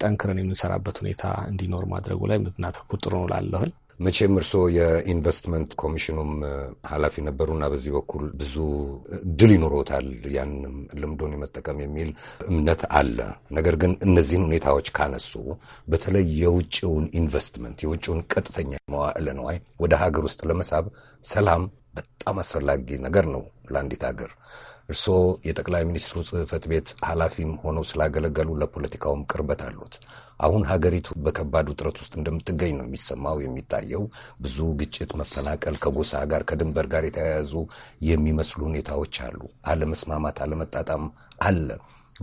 ጠንክረን የምንሰራበት ሁኔታ እንዲኖር ማድረጉ ላይ ብናተኩር ጥሩ ነው መቼም እርስዎ የኢንቨስትመንት ኮሚሽኑም ኃላፊ ነበሩና በዚህ በኩል ብዙ እድል ይኖሮታል ያንም ልምዶን የመጠቀም የሚል እምነት አለ። ነገር ግን እነዚህን ሁኔታዎች ካነሱ በተለይ የውጭውን ኢንቨስትመንት የውጭውን ቀጥተኛ መዋዕለ ንዋይ ወደ ሀገር ውስጥ ለመሳብ ሰላም በጣም አስፈላጊ ነገር ነው ለአንዲት ሀገር። እርስዎ የጠቅላይ ሚኒስትሩ ጽህፈት ቤት ኃላፊም ሆነው ስላገለገሉ ለፖለቲካውም ቅርበት አሉት። አሁን ሀገሪቱ በከባድ ውጥረት ውስጥ እንደምትገኝ ነው የሚሰማው የሚታየው። ብዙ ግጭት፣ መፈናቀል፣ ከጎሳ ጋር ከድንበር ጋር የተያያዙ የሚመስሉ ሁኔታዎች አሉ። አለመስማማት፣ አለመጣጣም አለ።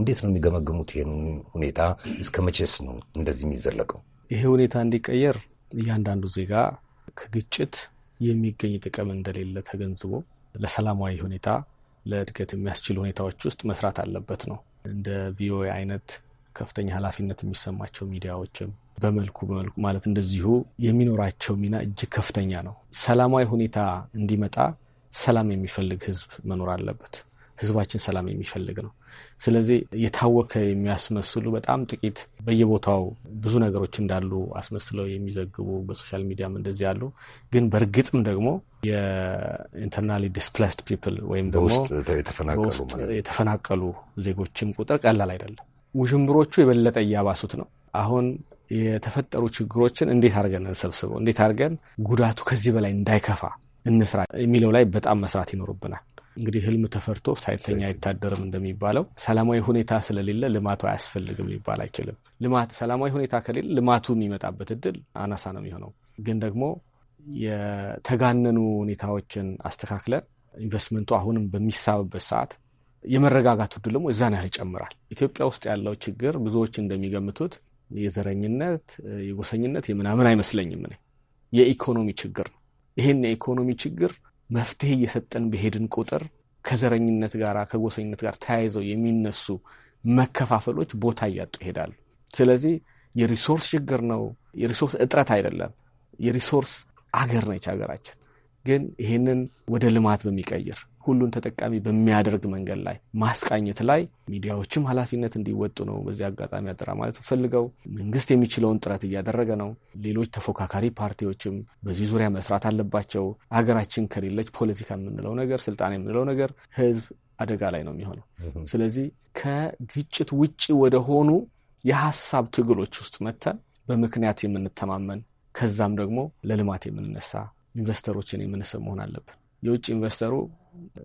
እንዴት ነው የሚገመግሙት ይህን ሁኔታ? እስከ መቼስ ነው እንደዚህ የሚዘለቀው? ይሄ ሁኔታ እንዲቀየር እያንዳንዱ ዜጋ ከግጭት የሚገኝ ጥቅም እንደሌለ ተገንዝቦ ለሰላማዊ ሁኔታ ለእድገት የሚያስችል ሁኔታዎች ውስጥ መስራት አለበት ነው። እንደ ቪኦኤ አይነት ከፍተኛ ኃላፊነት የሚሰማቸው ሚዲያዎችም በመልኩ በመልኩ ማለት እንደዚሁ የሚኖራቸው ሚና እጅግ ከፍተኛ ነው። ሰላማዊ ሁኔታ እንዲመጣ ሰላም የሚፈልግ ህዝብ መኖር አለበት። ህዝባችን ሰላም የሚፈልግ ነው። ስለዚህ የታወከ የሚያስመስሉ በጣም ጥቂት በየቦታው ብዙ ነገሮች እንዳሉ አስመስለው የሚዘግቡ በሶሻል ሚዲያም እንደዚህ ያሉ ግን በእርግጥም ደግሞ የኢንተርናሊ ዲስፕላስድ ፒፕል ወይም ደግሞ የተፈናቀሉ ዜጎችም ቁጥር ቀላል አይደለም። ውዥንብሮቹ የበለጠ እያባሱት ነው። አሁን የተፈጠሩ ችግሮችን እንዴት አድርገን እንሰብስበው፣ እንዴት አድርገን ጉዳቱ ከዚህ በላይ እንዳይከፋ እንስራ የሚለው ላይ በጣም መስራት ይኖርብናል። እንግዲህ ህልም ተፈርቶ ሳይተኛ አይታደርም እንደሚባለው ሰላማዊ ሁኔታ ስለሌለ ልማቱ አያስፈልግም ሊባል አይችልም። ሰላማዊ ሁኔታ ከሌለ ልማቱ የሚመጣበት እድል አናሳ ነው የሚሆነው። ግን ደግሞ የተጋነኑ ሁኔታዎችን አስተካክለን ኢንቨስትመንቱ አሁንም በሚሳብበት ሰዓት የመረጋጋቱ እድል ደግሞ እዛን ያህል ይጨምራል። ኢትዮጵያ ውስጥ ያለው ችግር ብዙዎች እንደሚገምቱት የዘረኝነት፣ የጎሰኝነት የምናምን አይመስለኝም። የኢኮኖሚ ችግር ነው። ይህን የኢኮኖሚ ችግር መፍትሄ እየሰጠን በሄድን ቁጥር ከዘረኝነት ጋር ከጎሰኝነት ጋር ተያይዘው የሚነሱ መከፋፈሎች ቦታ እያጡ ይሄዳሉ። ስለዚህ የሪሶርስ ችግር ነው፣ የሪሶርስ እጥረት አይደለም። የሪሶርስ አገር ነች ሀገራችን። ግን ይህንን ወደ ልማት በሚቀይር ሁሉን ተጠቃሚ በሚያደርግ መንገድ ላይ ማስቃኘት ላይ ሚዲያዎችም ኃላፊነት እንዲወጡ ነው በዚህ አጋጣሚ አጠራ ማለት ፈልገው መንግስት የሚችለውን ጥረት እያደረገ ነው። ሌሎች ተፎካካሪ ፓርቲዎችም በዚህ ዙሪያ መስራት አለባቸው። ሀገራችን ከሌለች ፖለቲካ የምንለው ነገር ስልጣን የምንለው ነገር ህዝብ አደጋ ላይ ነው የሚሆነው። ስለዚህ ከግጭት ውጭ ወደሆኑ የሀሳብ ትግሎች ውስጥ መጥተን በምክንያት የምንተማመን ከዛም ደግሞ ለልማት የምንነሳ ኢንቨስተሮችን የምንስብ መሆን አለብን። የውጭ ኢንቨስተሩ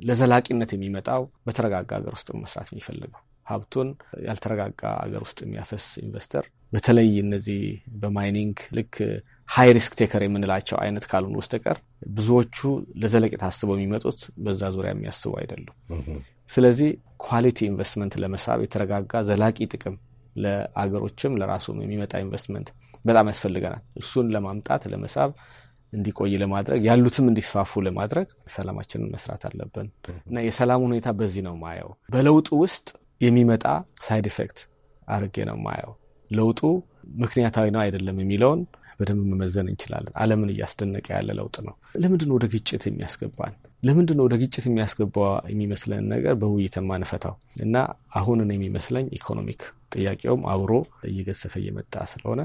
ለዘላቂነት የሚመጣው በተረጋጋ ሀገር ውስጥ መስራት የሚፈልገው ሀብቱን ያልተረጋጋ ሀገር ውስጥ የሚያፈስ ኢንቨስተር በተለይ እነዚህ በማይኒንግ ልክ ሃይ ሪስክ ቴከር የምንላቸው አይነት ካልሆኑ በስተቀር ብዙዎቹ ለዘለቄታ አስበው የሚመጡት በዛ ዙሪያ የሚያስቡ አይደሉም። ስለዚህ ኳሊቲ ኢንቨስትመንት ለመሳብ የተረጋጋ ዘላቂ ጥቅም ለአገሮችም ለራሱም የሚመጣ ኢንቨስትመንት በጣም ያስፈልገናል። እሱን ለማምጣት ለመሳብ እንዲቆይ ለማድረግ ያሉትም እንዲስፋፉ ለማድረግ ሰላማችንን መስራት አለብን እና የሰላም ሁኔታ በዚህ ነው ማየው። በለውጡ ውስጥ የሚመጣ ሳይድ ኢፌክት አድርጌ ነው ማየው። ለውጡ ምክንያታዊ ነው አይደለም የሚለውን በደንብ መመዘን እንችላለን። ዓለምን እያስደነቀ ያለ ለውጥ ነው። ለምንድን ወደ ግጭት የሚያስገባን? ለምንድን ወደ ግጭት የሚያስገባ የሚመስለን ነገር በውይይት ማንፈታው? እና አሁንን የሚመስለኝ ኢኮኖሚክ ጥያቄውም አብሮ እየገዘፈ እየመጣ ስለሆነ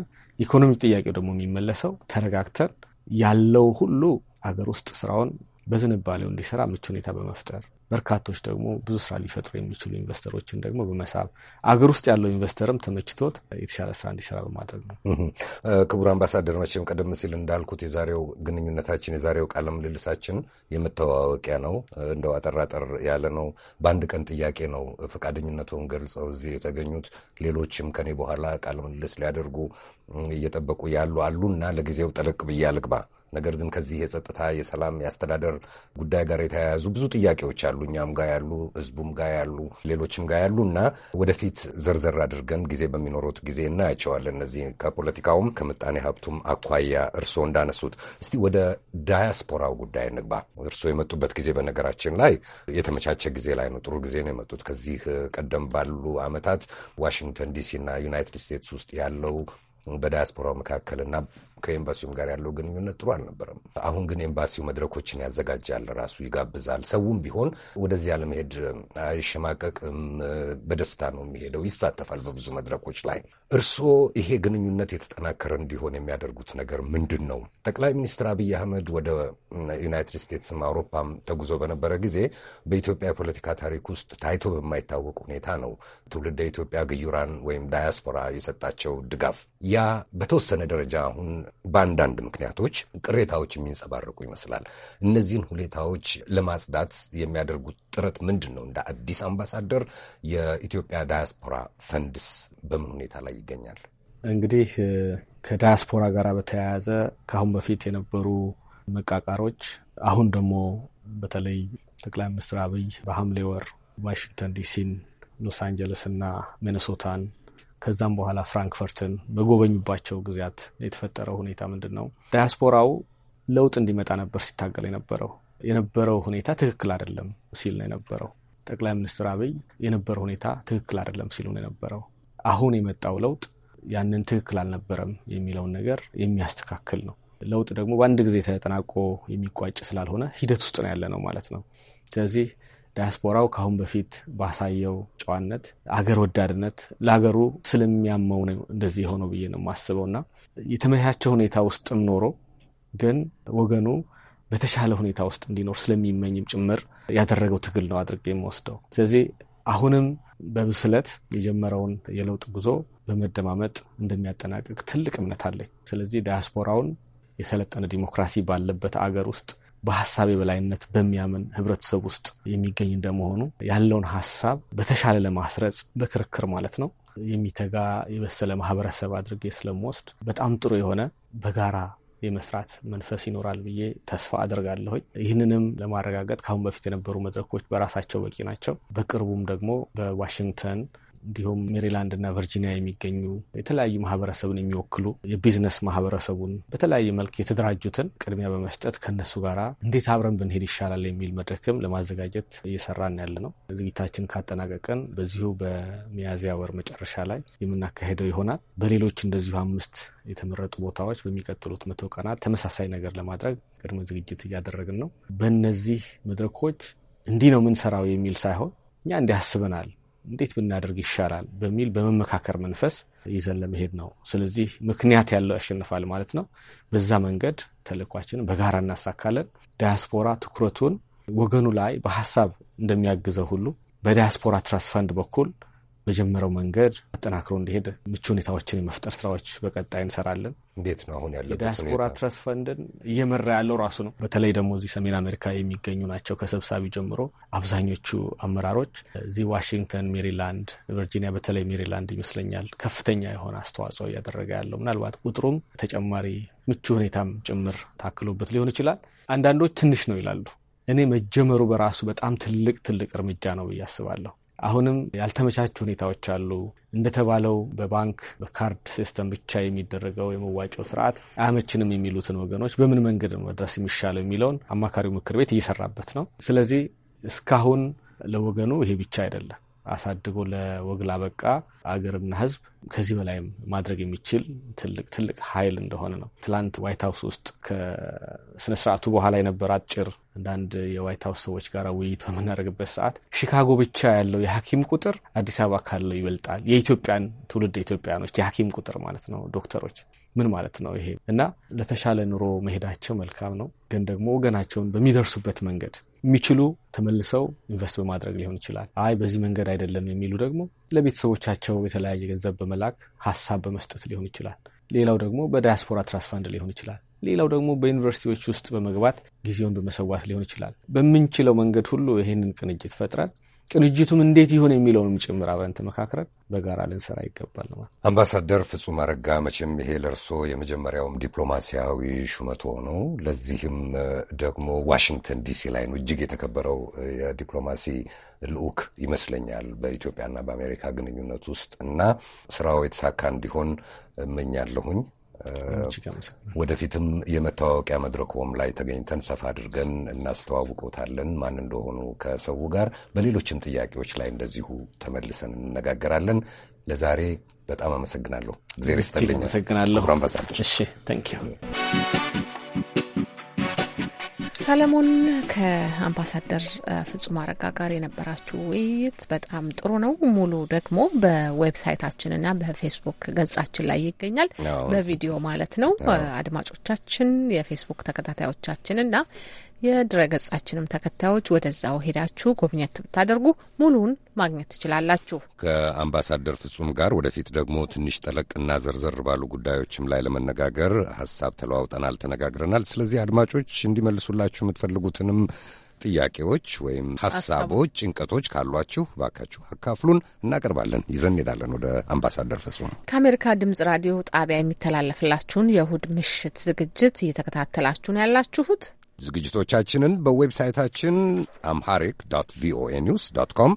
ኢኮኖሚክ ጥያቄው ደግሞ የሚመለሰው ተረጋግተን ያለው ሁሉ አገር ውስጥ ስራውን በዝንባሌው እንዲሰራ ምቹ ሁኔታ በመፍጠር በርካቶች ደግሞ ብዙ ስራ ሊፈጥሩ የሚችሉ ኢንቨስተሮችን ደግሞ በመሳብ አገር ውስጥ ያለው ኢንቨስተርም ተመችቶት የተሻለ ስራ እንዲሰራ በማድረግ ነው። ክቡር አምባሳደር፣ መቼም ቀደም ሲል እንዳልኩት የዛሬው ግንኙነታችን የዛሬው ቃለ ምልልሳችን የመተዋወቂያ ነው። እንደው አጠራጠር ያለ ነው። በአንድ ቀን ጥያቄ ነው ፈቃደኝነቱን ገልጸው እዚህ የተገኙት ሌሎችም ከኔ በኋላ ቃለ ምልልስ ሊያደርጉ እየጠበቁ ያሉ አሉና ለጊዜው ጠለቅ ብዬ አልግባ። ነገር ግን ከዚህ የጸጥታ የሰላም የአስተዳደር ጉዳይ ጋር የተያያዙ ብዙ ጥያቄዎች አሉ፣ እኛም ጋር ያሉ፣ ህዝቡም ጋር ያሉ፣ ሌሎችም ጋር ያሉ እና ወደፊት ዘርዘር አድርገን ጊዜ በሚኖሩት ጊዜ እናያቸዋለን። እነዚህ ከፖለቲካውም ከምጣኔ ሀብቱም አኳያ እርስዎ እንዳነሱት። እስቲ ወደ ዳያስፖራው ጉዳይ እንግባ። እርስዎ የመጡበት ጊዜ በነገራችን ላይ የተመቻቸ ጊዜ ላይ ነው። ጥሩ ጊዜ ነው የመጡት። ከዚህ ቀደም ባሉ አመታት ዋሽንግተን ዲሲ እና ዩናይትድ ስቴትስ ውስጥ ያለው በዳያስፖራው መካከልና ከኤምባሲውም ጋር ያለው ግንኙነት ጥሩ አልነበረም። አሁን ግን ኤምባሲው መድረኮችን ያዘጋጃል፣ ራሱ ይጋብዛል። ሰውም ቢሆን ወደዚያ ለመሄድ አይሸማቀቅም። በደስታ ነው የሚሄደው፣ ይሳተፋል በብዙ መድረኮች ላይ። እርስዎ ይሄ ግንኙነት የተጠናከረ እንዲሆን የሚያደርጉት ነገር ምንድን ነው? ጠቅላይ ሚኒስትር አብይ አህመድ ወደ ዩናይትድ ስቴትስም አውሮፓም ተጉዞ በነበረ ጊዜ በኢትዮጵያ የፖለቲካ ታሪክ ውስጥ ታይቶ በማይታወቅ ሁኔታ ነው ትውልደ ኢትዮጵያ ግዩራን ወይም ዳያስፖራ የሰጣቸው ድጋፍ። ያ በተወሰነ ደረጃ አሁን በአንዳንድ ምክንያቶች ቅሬታዎች የሚንጸባረቁ ይመስላል። እነዚህን ሁኔታዎች ለማጽዳት የሚያደርጉት ጥረት ምንድን ነው? እንደ አዲስ አምባሳደር የኢትዮጵያ ዳያስፖራ ፈንድስ በምን ሁኔታ ላይ ይገኛል? እንግዲህ ከዳያስፖራ ጋር በተያያዘ ከአሁን በፊት የነበሩ መቃቃሮች አሁን ደግሞ በተለይ ጠቅላይ ሚኒስትር አብይ በሐምሌ ወር ዋሽንግተን ዲሲን፣ ሎስ አንጀለስ እና ሚኔሶታን ከዛም በኋላ ፍራንክፈርትን በጎበኙባቸው ጊዜያት የተፈጠረው ሁኔታ ምንድን ነው? ዳያስፖራው ለውጥ እንዲመጣ ነበር ሲታገል የነበረው። የነበረው ሁኔታ ትክክል አይደለም ሲል ነው የነበረው። ጠቅላይ ሚኒስትር አብይ የነበረው ሁኔታ ትክክል አይደለም ሲሉ ነው የነበረው። አሁን የመጣው ለውጥ ያንን ትክክል አልነበረም የሚለውን ነገር የሚያስተካክል ነው። ለውጥ ደግሞ በአንድ ጊዜ ተጠናቆ የሚቋጭ ስላልሆነ ሂደት ውስጥ ነው ያለ ነው ማለት ነው። ስለዚህ ዳያስፖራው ከአሁን በፊት ባሳየው ጨዋነት፣ አገር ወዳድነት ለሀገሩ ስለሚያመው ነው እንደዚህ የሆነው ብዬ ነው የማስበው እና የተመቻቸ ሁኔታ ውስጥም ኖሮ ግን ወገኑ በተሻለ ሁኔታ ውስጥ እንዲኖር ስለሚመኝም ጭምር ያደረገው ትግል ነው አድርጌ የምወስደው። ስለዚህ አሁንም በብስለት የጀመረውን የለውጥ ጉዞ በመደማመጥ እንደሚያጠናቅቅ ትልቅ እምነት አለኝ። ስለዚህ ዳያስፖራውን የሰለጠነ ዲሞክራሲ ባለበት አገር ውስጥ በሀሳብ የበላይነት በሚያምን ህብረተሰብ ውስጥ የሚገኝ እንደመሆኑ ያለውን ሀሳብ በተሻለ ለማስረጽ በክርክር ማለት ነው የሚተጋ የበሰለ ማህበረሰብ አድርጌ ስለምወስድ በጣም ጥሩ የሆነ በጋራ የመስራት መንፈስ ይኖራል ብዬ ተስፋ አደርጋለሁኝ። ይህንንም ለማረጋገጥ ከአሁን በፊት የነበሩ መድረኮች በራሳቸው በቂ ናቸው። በቅርቡም ደግሞ በዋሽንግተን እንዲሁም ሜሪላንድ እና ቨርጂኒያ የሚገኙ የተለያዩ ማህበረሰብን የሚወክሉ የቢዝነስ ማህበረሰቡን በተለያየ መልክ የተደራጁትን ቅድሚያ በመስጠት ከነሱ ጋራ እንዴት አብረን ብንሄድ ይሻላል የሚል መድረክም ለማዘጋጀት እየሰራን ያለ ነው። ዝግጅታችን ካጠናቀቀን በዚሁ በሚያዝያ ወር መጨረሻ ላይ የምናካሄደው ይሆናል። በሌሎች እንደዚሁ አምስት የተመረጡ ቦታዎች በሚቀጥሉት መቶ ቀናት ተመሳሳይ ነገር ለማድረግ ቅድመ ዝግጅት እያደረግን ነው። በእነዚህ መድረኮች እንዲህ ነው ምንሰራው የሚል ሳይሆን እኛ እንዲህ አስበናል እንዴት ብናደርግ ይሻላል በሚል በመመካከር መንፈስ ይዘን ለመሄድ ነው። ስለዚህ ምክንያት ያለው ያሸንፋል ማለት ነው። በዛ መንገድ ተልእኳችንን በጋራ እናሳካለን። ዳያስፖራ ትኩረቱን ወገኑ ላይ በሀሳብ እንደሚያግዘው ሁሉ በዳያስፖራ ትራስት ፈንድ በኩል በጀመረው መንገድ አጠናክሮ እንዲሄድ ምቹ ሁኔታዎችን የመፍጠር ስራዎች በቀጣይ እንሰራለን። እንዴት ነው አሁን ያለበት የዲያስፖራ ትረስ ፈንድን እየመራ ያለው ራሱ ነው። በተለይ ደግሞ እዚህ ሰሜን አሜሪካ የሚገኙ ናቸው። ከሰብሳቢ ጀምሮ አብዛኞቹ አመራሮች እዚህ ዋሽንግተን፣ ሜሪላንድ፣ ቨርጂኒያ፣ በተለይ ሜሪላንድ ይመስለኛል ከፍተኛ የሆነ አስተዋጽኦ እያደረገ ያለው ምናልባት ቁጥሩም ተጨማሪ ምቹ ሁኔታም ጭምር ታክሎበት ሊሆን ይችላል። አንዳንዶች ትንሽ ነው ይላሉ። እኔ መጀመሩ በራሱ በጣም ትልቅ ትልቅ እርምጃ ነው ብዬ አስባለሁ። አሁንም ያልተመቻቹ ሁኔታዎች አሉ። እንደተባለው በባንክ በካርድ ሲስተም ብቻ የሚደረገው የመዋጮ ስርዓት አያመችንም የሚሉትን ወገኖች በምን መንገድ መድረስ የሚሻለው የሚለውን አማካሪው ምክር ቤት እየሰራበት ነው። ስለዚህ እስካሁን ለወገኑ ይሄ ብቻ አይደለም አሳድጎ ለወግ ላበቃ አገርና ሕዝብ ከዚህ በላይም ማድረግ የሚችል ትልቅ ትልቅ ኃይል እንደሆነ ነው። ትላንት ዋይት ሀውስ ውስጥ ከስነስርዓቱ በኋላ የነበረ አጭር አንዳንድ የዋይት ሀውስ ሰዎች ጋር ውይይት በምናደርግበት ሰዓት ሺካጎ ብቻ ያለው የሐኪም ቁጥር አዲስ አበባ ካለው ይበልጣል። የኢትዮጵያን ትውልድ ኢትዮጵያኖች የሐኪም ቁጥር ማለት ነው። ዶክተሮች ምን ማለት ነው ይሄ? እና ለተሻለ ኑሮ መሄዳቸው መልካም ነው፣ ግን ደግሞ ወገናቸውን በሚደርሱበት መንገድ የሚችሉ ተመልሰው ኢንቨስት በማድረግ ሊሆን ይችላል። አይ በዚህ መንገድ አይደለም የሚሉ ደግሞ ለቤተሰቦቻቸው የተለያየ ገንዘብ በመላክ ሀሳብ በመስጠት ሊሆን ይችላል። ሌላው ደግሞ በዳያስፖራ ትራስ ፋንድ ሊሆን ይችላል። ሌላው ደግሞ በዩኒቨርሲቲዎች ውስጥ በመግባት ጊዜውን በመሰዋት ሊሆን ይችላል። በምንችለው መንገድ ሁሉ ይህንን ቅንጅት ፈጥረን ቅንጅቱም እንዴት ይሁን የሚለውንም ጭምር አብረን ተመካክረን በጋራ ልንሰራ ይገባል። አምባሳደር ፍጹም አረጋ መቼም ይሄ ለርሶ የመጀመሪያውም ዲፕሎማሲያዊ ሹመቶ ነው። ለዚህም ደግሞ ዋሽንግተን ዲሲ ላይ ነው እጅግ የተከበረው የዲፕሎማሲ ልዑክ ይመስለኛል በኢትዮጵያና በአሜሪካ ግንኙነት ውስጥ እና ስራው የተሳካ እንዲሆን እመኛለሁኝ። ወደፊትም የመተዋወቂያ መድረኮም ላይ ተገኝተን ሰፋ አድርገን እናስተዋውቆታለን ማን እንደሆኑ ከሰው ጋር። በሌሎችም ጥያቄዎች ላይ እንደዚሁ ተመልሰን እንነጋገራለን። ለዛሬ በጣም አመሰግናለሁ። እግዜር ይስጥልኝ። አመሰግናለሁ። ሰለሞን ከአምባሳደር ፍጹም አረጋ ጋር የነበራችሁ ውይይት በጣም ጥሩ ነው። ሙሉ ደግሞ በዌብሳይታችንና በፌስቡክ ገጻችን ላይ ይገኛል፣ በቪዲዮ ማለት ነው። አድማጮቻችን፣ የፌስቡክ ተከታታዮቻችን እና። የድረገጻችንም ተከታዮች ወደዛው ሄዳችሁ ጎብኘት ብታደርጉ ሙሉውን ማግኘት ትችላላችሁ። ከአምባሳደር ፍጹም ጋር ወደፊት ደግሞ ትንሽ ጠለቅና ዘርዘር ባሉ ጉዳዮችም ላይ ለመነጋገር ሀሳብ ተለዋውጠናል፣ ተነጋግረናል። ስለዚህ አድማጮች እንዲመልሱላችሁ የምትፈልጉትንም ጥያቄዎች ወይም ሀሳቦች፣ ጭንቀቶች ካሏችሁ ባካችሁ አካፍሉን፣ እናቀርባለን። ይዘን ሄዳለን ወደ አምባሳደር ፍጹም። ከአሜሪካ ድምጽ ራዲዮ ጣቢያ የሚተላለፍላችሁን የእሁድ ምሽት ዝግጅት እየተከታተላችሁን ያላችሁት ዝግጅቶቻችንን በዌብሳይታችን አምሃሪክ ዶት ቪኦኤ ኒውስ ዶት ኮም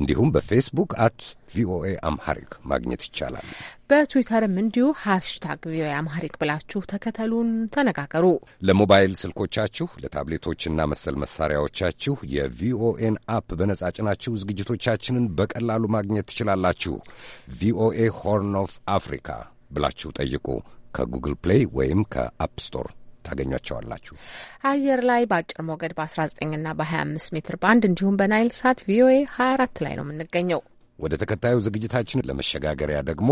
እንዲሁም በፌስቡክ አት ቪኦኤ አምሃሪክ ማግኘት ይቻላል። በትዊተርም እንዲሁ ሃሽታግ ቪኦኤ አምሃሪክ ብላችሁ ተከተሉን፣ ተነጋገሩ። ለሞባይል ስልኮቻችሁ ለታብሌቶችና መሰል መሳሪያዎቻችሁ የቪኦኤን አፕ በነጻ ጭናችሁ ዝግጅቶቻችንን በቀላሉ ማግኘት ትችላላችሁ። ቪኦኤ ሆርን ኦፍ አፍሪካ ብላችሁ ጠይቁ ከጉግል ፕሌይ ወይም ከአፕ ስቶር ታገኟቸዋላችሁ። አየር ላይ በአጭር ሞገድ በ19 ና በ25 ሜትር ባንድ እንዲሁም በናይል ሳት ቪኦኤ 24 ላይ ነው የምንገኘው። ወደ ተከታዩ ዝግጅታችን ለመሸጋገሪያ ደግሞ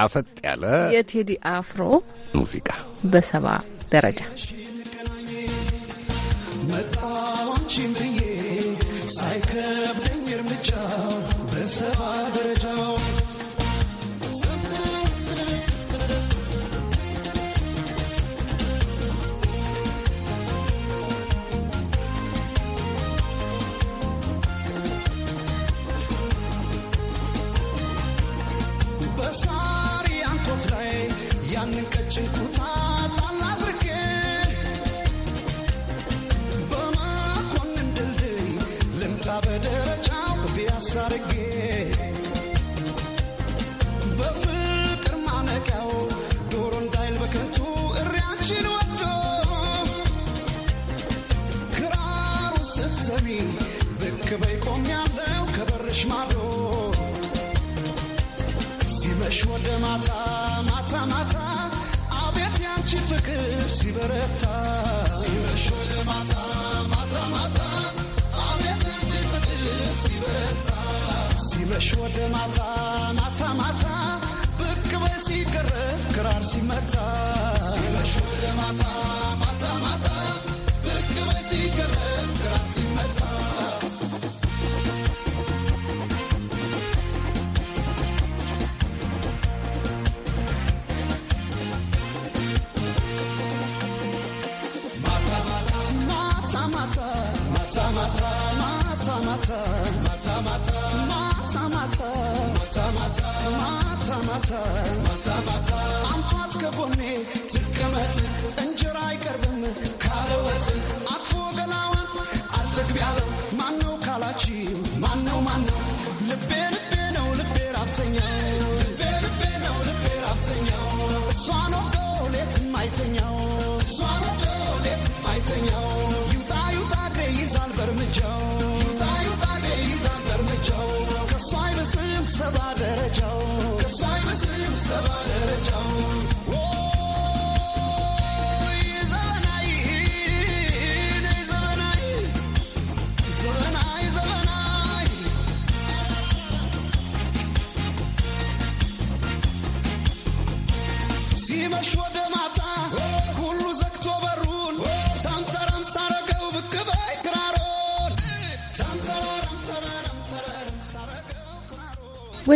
ጣፈጥ ያለ የቴዲ አፍሮ ሙዚቃ በሰባ ደረጃ ሳይከብደኝ እርምጃው በሰባ ደረጃው በሳሪ አንኮት ላይ ያንን ቀጭን ኩታ ጣል አድርጌ በመኮንን ድልድይ ልምጣ በደረጃው ቢያሳርጌ ማታ ማታ ማታ አቤት ያንቺ ፍቅር ሲበረታ ሲመሾል ማታ ማታ ሲመሽ ወደ ማታ ማታ ማታ ብቅ በይ ሲቀረብ ክራር ሲመታ ሲመሽ ወደ ማታ time.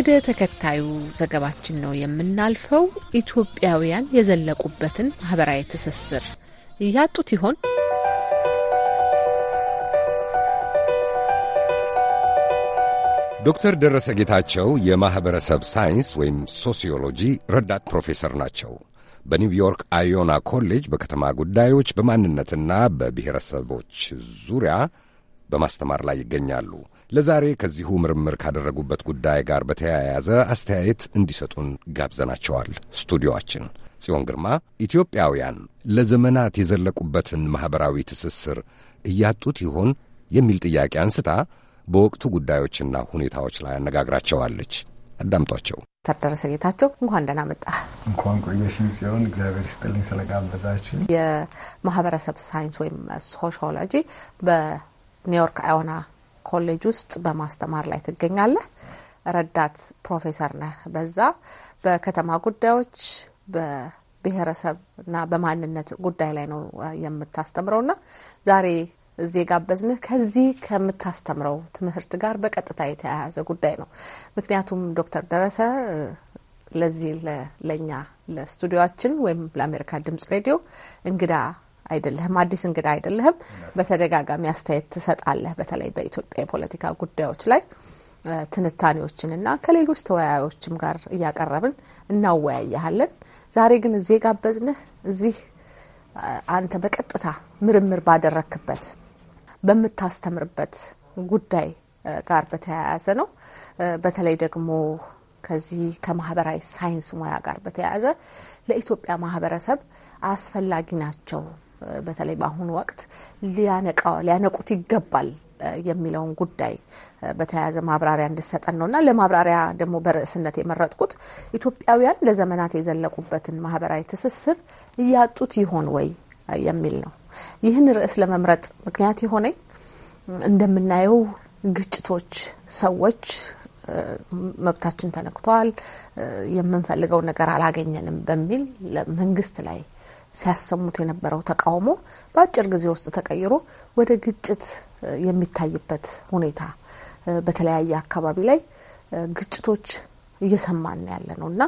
ወደ ተከታዩ ዘገባችን ነው የምናልፈው። ኢትዮጵያውያን የዘለቁበትን ማህበራዊ ትስስር እያጡት ይሆን? ዶክተር ደረሰ ጌታቸው የማኅበረሰብ ሳይንስ ወይም ሶሲዮሎጂ ረዳት ፕሮፌሰር ናቸው። በኒውዮርክ አዮና ኮሌጅ በከተማ ጉዳዮች በማንነትና በብሔረሰቦች ዙሪያ በማስተማር ላይ ይገኛሉ። ለዛሬ ከዚሁ ምርምር ካደረጉበት ጉዳይ ጋር በተያያዘ አስተያየት እንዲሰጡን ጋብዘናቸዋል። ስቱዲዮአችን ጽዮን ግርማ ኢትዮጵያውያን ለዘመናት የዘለቁበትን ማኅበራዊ ትስስር እያጡት ይሆን የሚል ጥያቄ አንስታ በወቅቱ ጉዳዮችና ሁኔታዎች ላይ አነጋግራቸዋለች። አዳምጧቸው። ተርደረሰ ጌታቸው እንኳን ደህና መጣ። እንኳን ቆየሽን ሲሆን እግዚአብሔር ይስጥልኝ ስለጋበዛችን። የማህበረሰብ ሳይንስ ወይም ሶሻሎጂ በኒውዮርክ አዮና ኮሌጅ ውስጥ በማስተማር ላይ ትገኛለህ። ረዳት ፕሮፌሰር ነህ። በዛ በከተማ ጉዳዮች በብሔረሰብ እና በማንነት ጉዳይ ላይ ነው የምታስተምረው ና ዛሬ እዚህ የጋበዝንህ ከዚህ ከምታስተምረው ትምህርት ጋር በቀጥታ የተያያዘ ጉዳይ ነው። ምክንያቱም ዶክተር ደረሰ ለዚህ ለእኛ ለስቱዲዮችን ወይም ለአሜሪካ ድምጽ ሬዲዮ እንግዳ አይደለህም፣ አዲስ እንግዳ አይደለህም። በተደጋጋሚ አስተያየት ትሰጣለህ። በተለይ በኢትዮጵያ የፖለቲካ ጉዳዮች ላይ ትንታኔዎችን ና ከሌሎች ተወያዮችም ጋር እያቀረብን እናወያያለን። ዛሬ ግን እዚህ የጋበዝንህ እዚህ አንተ በቀጥታ ምርምር ባደረክበት በምታስተምርበት ጉዳይ ጋር በተያያዘ ነው። በተለይ ደግሞ ከዚህ ከማህበራዊ ሳይንስ ሙያ ጋር በተያያዘ ለኢትዮጵያ ማህበረሰብ አስፈላጊ ናቸው በተለይ በአሁኑ ወቅት ሊያነቁት ይገባል የሚለውን ጉዳይ በተያያዘ ማብራሪያ እንድሰጠን ነው እና ለማብራሪያ ደግሞ በርዕስነት የመረጥኩት ኢትዮጵያውያን ለዘመናት የዘለቁበትን ማህበራዊ ትስስር እያጡት ይሆን ወይ የሚል ነው። ይህን ርዕስ ለመምረጥ ምክንያት የሆነኝ እንደምናየው ግጭቶች፣ ሰዎች መብታችን ተነክቷል፣ የምንፈልገው ነገር አላገኘንም በሚል መንግስት ላይ ሲያሰሙት የነበረው ተቃውሞ በአጭር ጊዜ ውስጥ ተቀይሮ ወደ ግጭት የሚታይበት ሁኔታ በተለያየ አካባቢ ላይ ግጭቶች እየሰማን ያለ ነው እና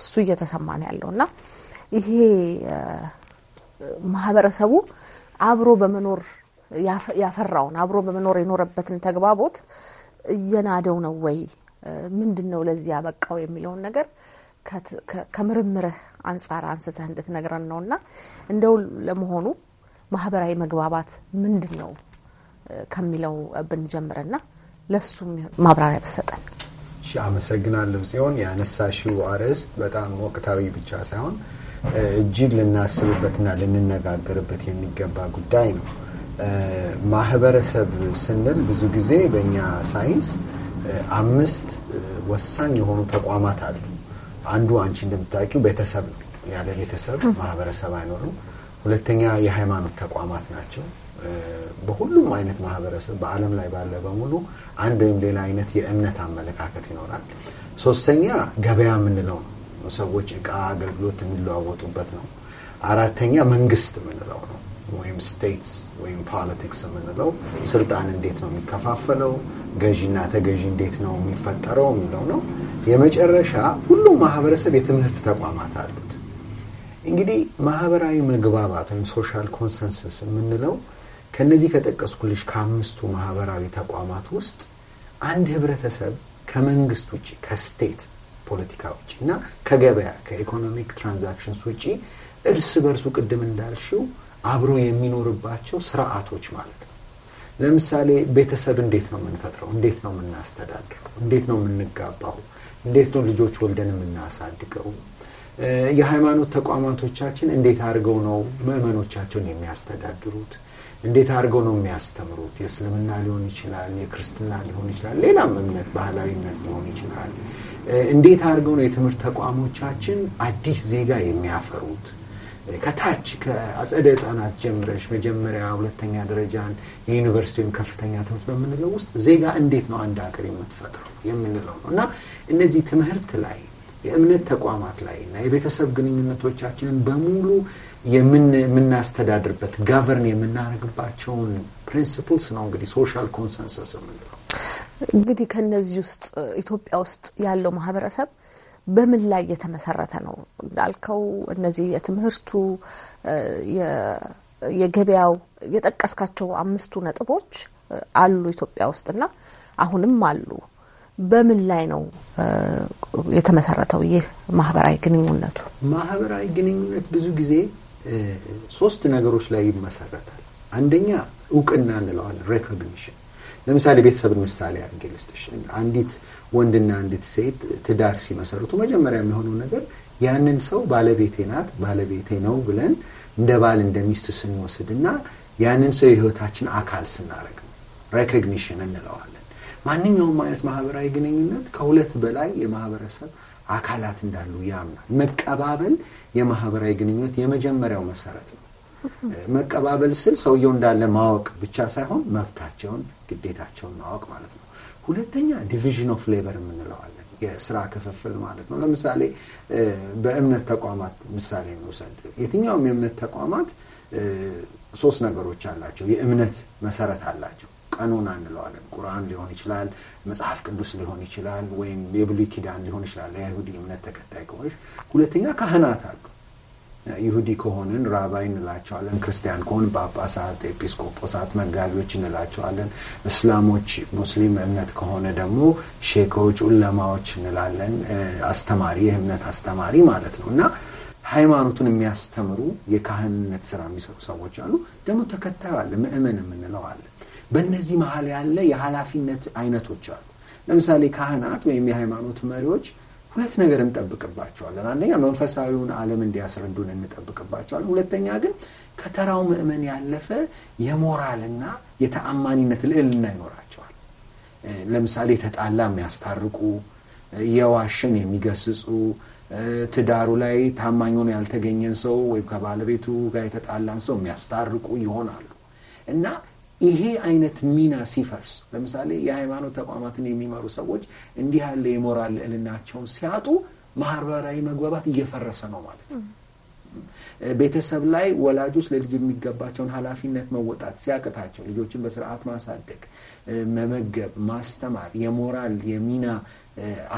እሱ እየተሰማን ያለው እና ይሄ ማህበረሰቡ አብሮ በመኖር ያፈራውን አብሮ በመኖር የኖረበትን ተግባቦት እየናደው ነው ወይ ምንድን ነው ለዚህ ያበቃው የሚለውን ነገር ከምርምርህ አንጻር አንስተህ እንድትነግረን ነው እና እንደው ለመሆኑ ማህበራዊ መግባባት ምንድን ነው ከሚለው ብንጀምርና ለሱም ማብራሪያ ብሰጠን። አመሰግናለሁ ሲሆን ያነሳሽው አርዕስት በጣም ወቅታዊ ብቻ ሳይሆን እጅግ ልናስብበትና ልንነጋገርበት የሚገባ ጉዳይ ነው። ማህበረሰብ ስንል ብዙ ጊዜ በእኛ ሳይንስ አምስት ወሳኝ የሆኑ ተቋማት አሉ። አንዱ አንቺ እንደምታውቂው ቤተሰብ ነው። ያለ ቤተሰብ ማህበረሰብ አይኖርም። ሁለተኛ የሃይማኖት ተቋማት ናቸው። በሁሉም አይነት ማህበረሰብ በዓለም ላይ ባለ በሙሉ አንድ ወይም ሌላ አይነት የእምነት አመለካከት ይኖራል። ሶስተኛ ገበያ የምንለው ነው። ሰዎች እቃ፣ አገልግሎት የሚለዋወጡበት ነው። አራተኛ መንግስት የምንለው ነው። ወይም ስቴትስ ወይም ፖለቲክስ የምንለው ስልጣን እንዴት ነው የሚከፋፈለው፣ ገዢና ተገዢ እንዴት ነው የሚፈጠረው የሚለው ነው። የመጨረሻ ሁሉም ማህበረሰብ የትምህርት ተቋማት አሉት። እንግዲህ ማህበራዊ መግባባት ወይም ሶሻል ኮንሰንሰስ የምንለው ከነዚህ ከጠቀስኩልሽ ከአምስቱ ማህበራዊ ተቋማት ውስጥ አንድ ህብረተሰብ ከመንግስት ውጭ ከስቴት ፖለቲካ ውጭ እና ከገበያ ከኢኮኖሚክ ትራንዛክሽንስ ውጭ እርስ በርሱ ቅድም እንዳልሽው አብሮ የሚኖርባቸው ስርዓቶች ማለት ነው። ለምሳሌ ቤተሰብ እንዴት ነው የምንፈጥረው? እንዴት ነው የምናስተዳድረው? እንዴት ነው የምንጋባው? እንዴት ነው ልጆች ወልደን የምናሳድገው? የሃይማኖት ተቋማቶቻችን እንዴት አድርገው ነው ምዕመኖቻቸውን የሚያስተዳድሩት? እንዴት አድርገው ነው የሚያስተምሩት? የእስልምና ሊሆን ይችላል፣ የክርስትና ሊሆን ይችላል፣ ሌላም እምነት ባህላዊ እምነት ሊሆን ይችላል። እንዴት አድርገው ነው የትምህርት ተቋሞቻችን አዲስ ዜጋ የሚያፈሩት? ከታች ከአጸደ ህጻናት ጀምረሽ መጀመሪያ፣ ሁለተኛ ደረጃን የዩኒቨርሲቲ ወይም ከፍተኛ ትምህርት በምንለው ውስጥ ዜጋ እንዴት ነው አንድ ሀገር የምትፈጥረው የምንለው ነው እና እነዚህ ትምህርት ላይ የእምነት ተቋማት ላይ እና የቤተሰብ ግንኙነቶቻችንን በሙሉ የምናስተዳድርበት ጋቨርን የምናደርግባቸውን ፕሪንስፕልስ ነው እንግዲህ ሶሻል ኮንሰንሰስ የምንለው። እንግዲህ ከነዚህ ውስጥ ኢትዮጵያ ውስጥ ያለው ማህበረሰብ በምን ላይ የተመሰረተ ነው? እንዳልከው እነዚህ የትምህርቱ፣ የገበያው የጠቀስካቸው አምስቱ ነጥቦች አሉ ኢትዮጵያ ውስጥና አሁንም አሉ። በምን ላይ ነው የተመሰረተው ይህ ማህበራዊ ግንኙነቱ? ማህበራዊ ግንኙነት ብዙ ጊዜ ሶስት ነገሮች ላይ ይመሰረታል። አንደኛ እውቅና እንለዋለን፣ ሬኮግኒሽን። ለምሳሌ ቤተሰብን ምሳሌ አድርጌ ልስጥሽ። አንዲት ወንድና አንዲት ሴት ትዳር ሲመሰርቱ መጀመሪያ የሚሆነው ነገር ያንን ሰው ባለቤቴ ናት ባለቤቴ ነው ብለን እንደ ባል እንደሚስት ስንወስድ እና ያንን ሰው የህይወታችን አካል ስናደረግ ነው። ሬኮግኒሽን እንለዋለን። ማንኛውም አይነት ማህበራዊ ግንኙነት ከሁለት በላይ የማህበረሰብ አካላት እንዳሉ ያምናል። መቀባበል የማህበራዊ ግንኙነት የመጀመሪያው መሰረት ነው። መቀባበል ስል ሰውየው እንዳለ ማወቅ ብቻ ሳይሆን መብታቸውን፣ ግዴታቸውን ማወቅ ማለት ነው። ሁለተኛ ዲቪዥን ኦፍ ሌበር የምንለዋለን የስራ ክፍፍል ማለት ነው። ለምሳሌ በእምነት ተቋማት ምሳሌ እንውሰድ። የትኛውም የእምነት ተቋማት ሶስት ነገሮች አላቸው። የእምነት መሰረት አላቸው። ቀኖና እንለዋለን። ቁርአን ሊሆን ይችላል፣ መጽሐፍ ቅዱስ ሊሆን ይችላል፣ ወይም የብሉይ ኪዳን ሊሆን ይችላል። የአይሁድ እምነት ተከታይ ከሆነች። ሁለተኛ ካህናት አሉ። ይሁዲ ከሆንን ራባይ እንላቸዋለን። ክርስቲያን ከሆን ጳጳሳት፣ ኤጲስቆጶሳት፣ መጋቢዎች እንላቸዋለን። እስላሞች ሙስሊም እምነት ከሆነ ደግሞ ሼኮች፣ ኡለማዎች እንላለን። አስተማሪ የእምነት አስተማሪ ማለት ነው እና ሃይማኖቱን የሚያስተምሩ የካህንነት ስራ የሚሰሩ ሰዎች አሉ። ደግሞ ተከታዩ አለ፣ ምእመን የምንለው አለ። በእነዚህ መሀል ያለ የኃላፊነት አይነቶች አሉ። ለምሳሌ ካህናት ወይም የሃይማኖት መሪዎች ሁለት ነገር እንጠብቅባቸዋለን። አንደኛ መንፈሳዊውን ዓለም እንዲያስረዱን እንጠብቅባቸዋለን። ሁለተኛ ግን ከተራው ምእመን ያለፈ የሞራልና የተአማኒነት ልዕልና ይኖራቸዋል። ለምሳሌ የተጣላ የሚያስታርቁ፣ የዋሸን የሚገስጹ፣ ትዳሩ ላይ ታማኝ ሆኖ ያልተገኘን ሰው ወይም ከባለቤቱ ጋር የተጣላን ሰው የሚያስታርቁ ይሆናሉ እና ይሄ አይነት ሚና ሲፈርስ፣ ለምሳሌ የሃይማኖት ተቋማትን የሚመሩ ሰዎች እንዲህ ያለ የሞራል ልዕልናቸውን ሲያጡ ማህበራዊ መግባባት እየፈረሰ ነው ማለት ነው። ቤተሰብ ላይ ወላጆች ለልጅ የሚገባቸውን ኃላፊነት መወጣት ሲያቅታቸው ልጆችን በስርዓት ማሳደግ፣ መመገብ፣ ማስተማር፣ የሞራል የሚና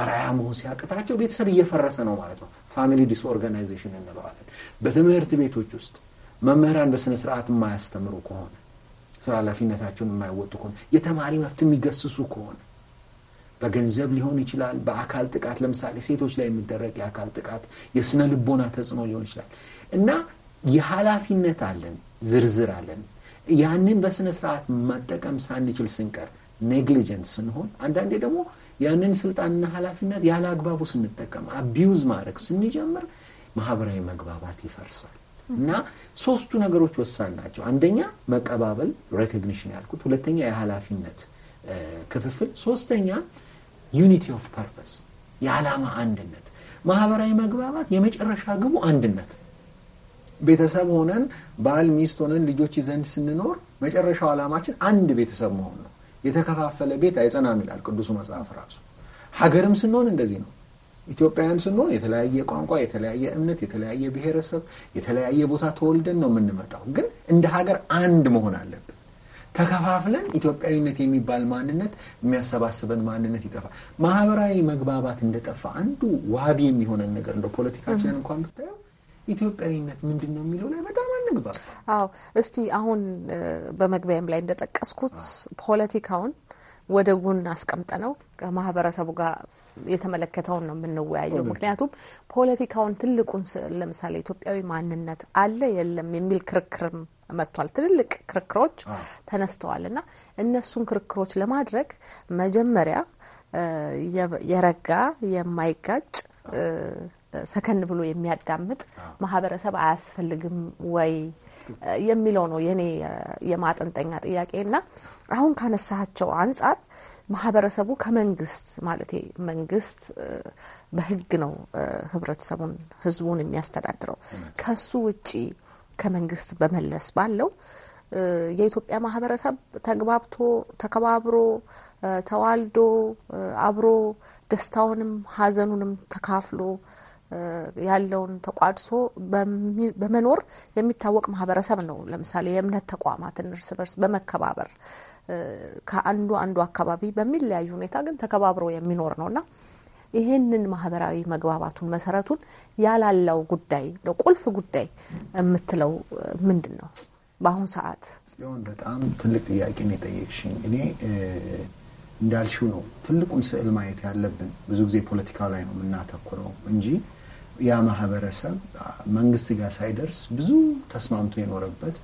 አራያ መሆን ሲያቅታቸው ቤተሰብ እየፈረሰ ነው ማለት ነው። ፋሚሊ ዲስኦርጋናይዜሽን እንለዋለን። በትምህርት ቤቶች ውስጥ መምህራን በስነ ስርዓት የማያስተምሩ ከሆነ ስራ ኃላፊነታቸውን የማይወጡ ከሆነ የተማሪ መብት የሚገስሱ ከሆነ በገንዘብ ሊሆን ይችላል። በአካል ጥቃት ለምሳሌ ሴቶች ላይ የሚደረግ የአካል ጥቃት የስነ ልቦና ተጽዕኖ ሊሆን ይችላል እና የኃላፊነት አለን፣ ዝርዝር አለን። ያንን በስነ ስርዓት መጠቀም ሳንችል ስንቀር ኔግሊጀንት ስንሆን፣ አንዳንዴ ደግሞ ያንን ስልጣንና ኃላፊነት ያለ አግባቡ ስንጠቀም አቢውዝ ማድረግ ስንጀምር ማህበራዊ መግባባት ይፈርሳል እና ሶስቱ ነገሮች ወሳኝ ናቸው። አንደኛ መቀባበል ሬኮግኒሽን ያልኩት፣ ሁለተኛ የኃላፊነት ክፍፍል፣ ሶስተኛ ዩኒቲ ኦፍ ፐርፐስ የዓላማ አንድነት። ማህበራዊ መግባባት የመጨረሻ ግቡ አንድነት። ቤተሰብ ሆነን ባል ሚስት ሆነን ልጆች ይዘን ስንኖር መጨረሻው ዓላማችን አንድ ቤተሰብ መሆን ነው። የተከፋፈለ ቤት አይጸናም ይላል ቅዱሱ መጽሐፍ ራሱ። ሀገርም ስንሆን እንደዚህ ነው። ኢትዮጵያውያን ስንሆን የተለያየ ቋንቋ፣ የተለያየ እምነት፣ የተለያየ ብሔረሰብ፣ የተለያየ ቦታ ተወልደን ነው የምንመጣው። ግን እንደ ሀገር አንድ መሆን አለብን። ተከፋፍለን ኢትዮጵያዊነት የሚባል ማንነት የሚያሰባስበን ማንነት ይጠፋል። ማህበራዊ መግባባት እንደጠፋ አንዱ ዋቢ የሚሆነን ነገር እንደ ፖለቲካችንን እንኳን ብታየው ኢትዮጵያዊነት ምንድን ነው የሚለው ላይ በጣም አንግባ። አዎ እስቲ አሁን በመግቢያም ላይ እንደጠቀስኩት ፖለቲካውን ወደ ጎን አስቀምጠ ነው ከማህበረሰቡ ጋር የተመለከተውን ነው የምንወያየው። ምክንያቱም ፖለቲካውን ትልቁን ስዕል ለምሳሌ ኢትዮጵያዊ ማንነት አለ የለም የሚል ክርክርም መጥቷል። ትልልቅ ክርክሮች ተነስተዋል እና እነሱን ክርክሮች ለማድረግ መጀመሪያ የረጋ የማይጋጭ ሰከን ብሎ የሚያዳምጥ ማህበረሰብ አያስፈልግም ወይ የሚለው ነው የኔ የማጠንጠኛ ጥያቄ እና አሁን ካነሳቸው አንጻር ማህበረሰቡ ከመንግስት ማለት መንግስት በህግ ነው ህብረተሰቡን ህዝቡን የሚያስተዳድረው። ከሱ ውጪ ከመንግስት በመለስ ባለው የኢትዮጵያ ማህበረሰብ ተግባብቶ ተከባብሮ ተዋልዶ አብሮ ደስታውንም ሀዘኑንም ተካፍሎ ያለውን ተቋድሶ በመኖር የሚታወቅ ማህበረሰብ ነው። ለምሳሌ የእምነት ተቋማትን እርስ በርስ በመከባበር ከአንዱ አንዱ አካባቢ በሚለያዩ ሁኔታ ግን ተከባብሮ የሚኖር ነውና ይህንን ማህበራዊ መግባባቱን መሰረቱን ያላለው ጉዳይ ቁልፍ ጉዳይ የምትለው ምንድን ነው? በአሁኑ ሰዓት ጽዮን በጣም ትልቅ ጥያቄ ነው የጠየቅሽኝ። እኔ እንዳልሽው ነው ትልቁን ስዕል ማየት ያለብን። ብዙ ጊዜ ፖለቲካ ላይ ነው የምናተኩረው እንጂ ያ ማህበረሰብ መንግስት ጋር ሳይደርስ ብዙ ተስማምቶ የኖረበት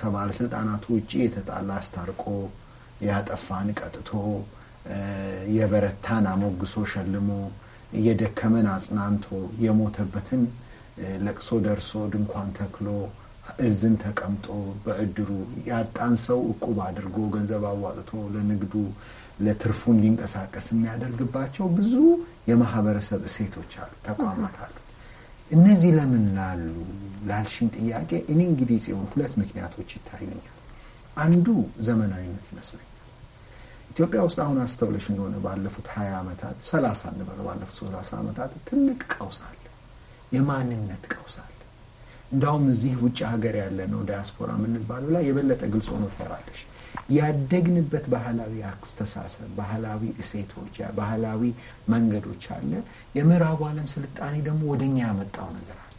ከባለስልጣናቱ ውጭ የተጣላ አስታርቆ ያጠፋን ቀጥቶ የበረታን አሞግሶ ሸልሞ እየደከመን አጽናንቶ የሞተበትን ለቅሶ ደርሶ ድንኳን ተክሎ እዝን ተቀምጦ በእድሩ ያጣን ሰው እቁብ አድርጎ ገንዘብ አዋጥቶ ለንግዱ ለትርፉ እንዲንቀሳቀስ የሚያደርግባቸው ብዙ የማህበረሰብ እሴቶች አሉ፣ ተቋማት አሉ። እነዚህ ለምን ላሉ ላልሽን ጥያቄ እኔ እንግዲህ ጽዮን ሁለት ምክንያቶች ይታዩኛል። አንዱ ዘመናዊነት ይመስለኛል። ኢትዮጵያ ውስጥ አሁን አስተውለሽ እንደሆነ ባለፉት ሀያ ዓመታት ሰላሳ እንበለው ባለፉት ሰላሳ ዓመታት ትልቅ ቀውስ አለ። የማንነት ቀውስ አለ። እንዳውም እዚህ ውጭ ሀገር ያለ ነው ዳያስፖራ የምንባለው ላይ የበለጠ ግልጽ ሆኖ ትኖራለሽ። ያደግንበት ባህላዊ አስተሳሰብ፣ ባህላዊ እሴቶች፣ ባህላዊ መንገዶች አለ። የምዕራቡ ዓለም ስልጣኔ ደግሞ ወደ እኛ ያመጣው ነገር አለ።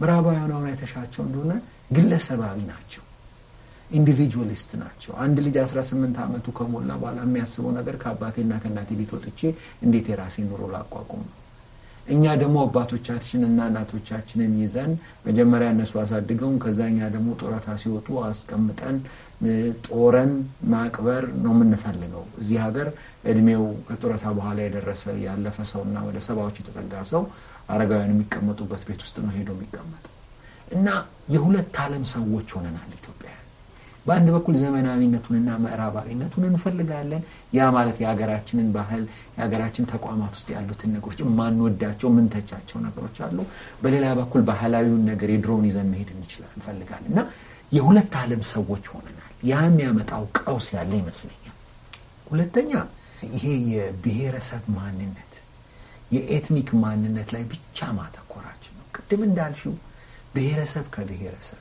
ምዕራባውያን አሁን የተሻቸው እንደሆነ ግለሰባዊ ናቸው፣ ኢንዲቪጁዋሊስት ናቸው። አንድ ልጅ 18 ዓመቱ ከሞላ በኋላ የሚያስበው ነገር ከአባቴና ከእናቴ ቤት ወጥቼ እንዴት የራሴ ኑሮ ላቋቁም ነው እኛ ደግሞ አባቶቻችን እና እናቶቻችንን ይዘን መጀመሪያ እነሱ አሳድገውን ከዛ እኛ ደግሞ ጡረታ ሲወጡ አስቀምጠን ጦረን ማቅበር ነው የምንፈልገው። እዚህ ሀገር እድሜው ከጡረታ በኋላ የደረሰ ያለፈ ሰው እና ወደ ሰባዎች የተጠጋ ሰው አረጋውያን የሚቀመጡበት ቤት ውስጥ ነው ሄዶ የሚቀመጠው እና የሁለት ዓለም ሰዎች ሆነናል ኢትዮጵያ በአንድ በኩል ዘመናዊነቱንና ምዕራባዊነቱን እንፈልጋለን። ያ ማለት የሀገራችንን ባህል የሀገራችን ተቋማት ውስጥ ያሉትን ነገሮች የማንወዳቸው ምንተቻቸው ነገሮች አሉ። በሌላ በኩል ባህላዊውን ነገር የድሮውን ይዘን መሄድ እንችላል እንፈልጋለን እና የሁለት ዓለም ሰዎች ሆነናል። ያ የሚያመጣው ቀውስ ያለ ይመስለኛል። ሁለተኛ ይሄ የብሔረሰብ ማንነት የኤትኒክ ማንነት ላይ ብቻ ማተኮራችን ነው። ቅድም እንዳልሽው ብሔረሰብ ከብሔረሰብ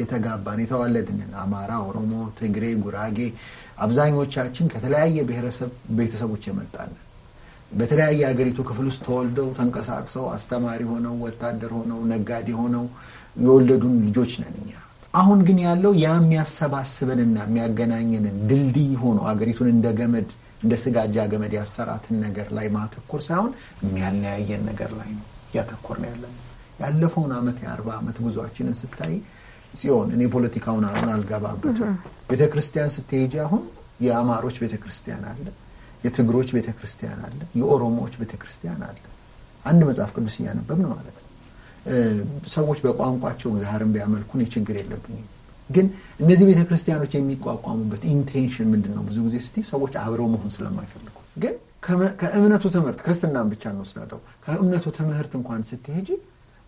የተጋባን የተዋለድን አማራ፣ ኦሮሞ፣ ትግሬ፣ ጉራጌ አብዛኞቻችን ከተለያየ ብሔረሰብ ቤተሰቦች የመጣንን በተለያየ ሀገሪቱ ክፍል ውስጥ ተወልደው ተንቀሳቅሰው አስተማሪ ሆነው ወታደር ሆነው ነጋዴ ሆነው የወለዱን ልጆች ነን እኛ። አሁን ግን ያለው ያ የሚያሰባስበንና የሚያገናኘንን ድልድይ ሆኖ ሀገሪቱን እንደ ገመድ እንደ ስጋጃ ገመድ ያሰራትን ነገር ላይ ማተኮር ሳይሆን የሚያለያየን ነገር ላይ ነው እያተኮር ነው ያለን። ያለፈውን ዓመት የአርባ ዓመት ጉዟችንን ስታይ ሲሆን እኔ ፖለቲካውን አሁን አልገባበትም። ቤተ ክርስቲያን ስትሄጂ አሁን የአማሮች ቤተ ክርስቲያን አለ፣ የትግሮች ቤተ ክርስቲያን አለ፣ የኦሮሞዎች ቤተ ክርስቲያን አለ። አንድ መጽሐፍ ቅዱስ እያነበብን ማለት ነው። ሰዎች በቋንቋቸው እግዚአብሔርን ቢያመልኩ እኔ ችግር የለብኝም። ግን እነዚህ ቤተ ክርስቲያኖች የሚቋቋሙበት ኢንቴንሽን ምንድን ነው? ብዙ ጊዜ ስቲ ሰዎች አብረው መሆን ስለማይፈልጉ ግን ከእምነቱ ትምህርት ክርስትናን ብቻ እንወስዳለው ከእምነቱ ትምህርት እንኳን ስትሄጂ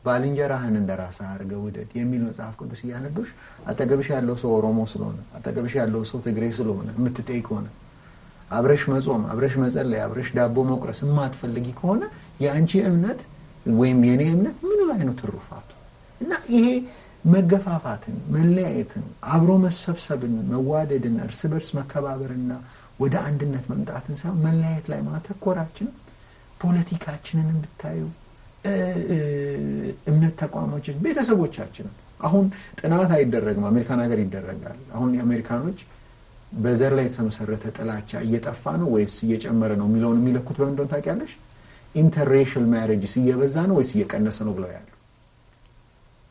ባልንጀራህን እንደ ራስህ አድርገህ ውደድ የሚል መጽሐፍ ቅዱስ እያነበብሽ አጠገብሽ ያለው ሰው ኦሮሞ ስለሆነ አጠገብሽ ያለው ሰው ትግሬ ስለሆነ የምትጠይ ከሆነ አብረሽ መጾም፣ አብረሽ መጸለይ፣ አብረሽ ዳቦ መቁረስ የማትፈልጊ ከሆነ የአንቺ እምነት ወይም የእኔ እምነት ምን ላይ ነው ትሩፋቱ? እና ይሄ መገፋፋትን፣ መለያየትን፣ አብሮ መሰብሰብን፣ መዋደድን፣ እርስ በርስ መከባበርና ወደ አንድነት መምጣትን ሳይሆን መለያየት ላይ ማተኮራችን ፖለቲካችንን ብታዩ ተቋሞችን፣ ቤተሰቦቻችንን አሁን ጥናት አይደረግም። አሜሪካን ሀገር ይደረጋል። አሁን የአሜሪካኖች በዘር ላይ የተመሰረተ ጥላቻ እየጠፋ ነው ወይስ እየጨመረ ነው የሚለውን የሚለኩት በምን እንደሆነ ታውቂያለሽ? ኢንተርሬሽል እየበዛ ነው ወይስ እየቀነሰ ነው ብለው ያሉ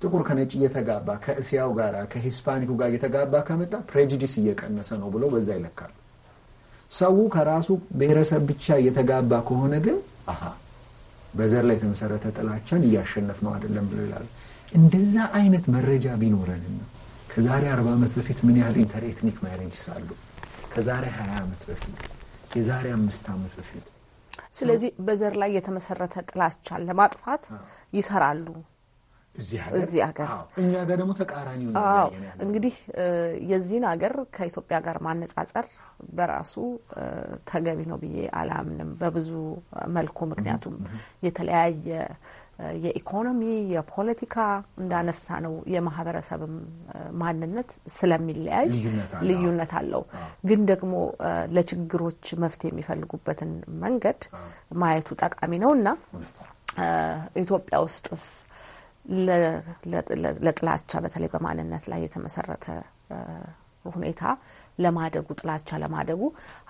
ጥቁር ከነጭ እየተጋባ ከእስያው ጋር ከሂስፓኒኩ ጋር እየተጋባ ከመጣ ፕሬጅዲስ እየቀነሰ ነው ብለው በዛ ይለካሉ። ሰው ከራሱ ብሔረሰብ ብቻ እየተጋባ ከሆነ ግን አሃ በዘር ላይ የተመሰረተ ጥላቻን እያሸነፍ ነው አይደለም ብሎ ይላሉ። እንደዛ አይነት መረጃ ቢኖረንና ከዛሬ አርባ ዓመት በፊት ምን ያህል ኢንተርኤትኒክ ማሬጅስ አሉ? ከዛሬ ሀያ ዓመት በፊት የዛሬ አምስት ዓመት በፊት ስለዚህ በዘር ላይ የተመሰረተ ጥላቻን ለማጥፋት ይሰራሉ። እዚህ ሀገር እኛ ጋር ደግሞ ተቃራኒ እንግዲህ የዚህን ሀገር ከኢትዮጵያ ጋር ማነጻጸር በራሱ ተገቢ ነው ብዬ አላምንም በብዙ መልኩ። ምክንያቱም የተለያየ የኢኮኖሚ፣ የፖለቲካ እንዳነሳ ነው የማህበረሰብም ማንነት ስለሚለያይ ልዩነት አለው። ግን ደግሞ ለችግሮች መፍትሄ የሚፈልጉበትን መንገድ ማየቱ ጠቃሚ ነው እና ኢትዮጵያ ውስጥስ ለጥላቻ በተለይ በማንነት ላይ የተመሰረተ ሁኔታ ለማደጉ ጥላቻ ለማደጉ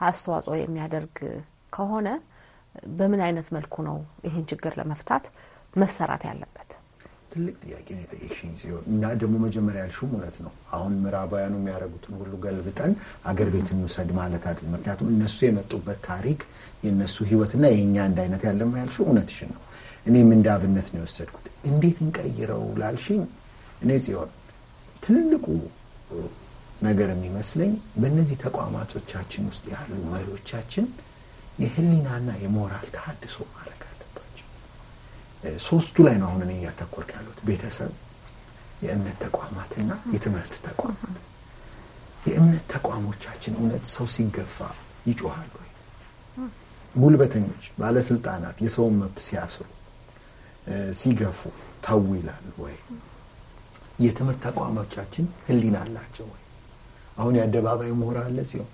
አስተዋጽኦ የሚያደርግ ከሆነ በምን አይነት መልኩ ነው ይህን ችግር ለመፍታት መሰራት ያለበት? ትልቅ ጥያቄ ነው የጠየቅሽኝ ሲሆን እና ደግሞ መጀመሪያ ያልሽውም እውነት ነው። አሁን ምዕራባውያኑ የሚያደርጉትን ሁሉ ገልብጠን አገር ቤት እንውሰድ ማለት አይደል። ምክንያቱም እነሱ የመጡበት ታሪክ የእነሱ ህይወትና የእኛ አንድ አይነት ያለም ያልሽው እውነትሽን ነው። እኔም እንደ አብነት ነው የወሰድኩት እንዴት እንቀይረው ላልሽኝ፣ እኔ ጽዮን ትልቁ ነገር የሚመስለኝ በእነዚህ ተቋማቶቻችን ውስጥ ያሉ መሪዎቻችን የህሊናና የሞራል ተሀድሶ ማድረግ አለባቸው። ሶስቱ ላይ ነው አሁን እኔ እያተኮርክ ያሉት ቤተሰብ፣ የእምነት ተቋማትና የትምህርት ተቋማት። የእምነት ተቋሞቻችን እውነት ሰው ሲገፋ ይጮሃሉ ወይ? ጉልበተኞች፣ ባለስልጣናት የሰውን መብት ሲያስሩ ሲገፉ ተው ይላል ወይ? የትምህርት ተቋሞቻችን ህሊና አላቸው ወይ? አሁን የአደባባይ ምሁር አለ ሲሆን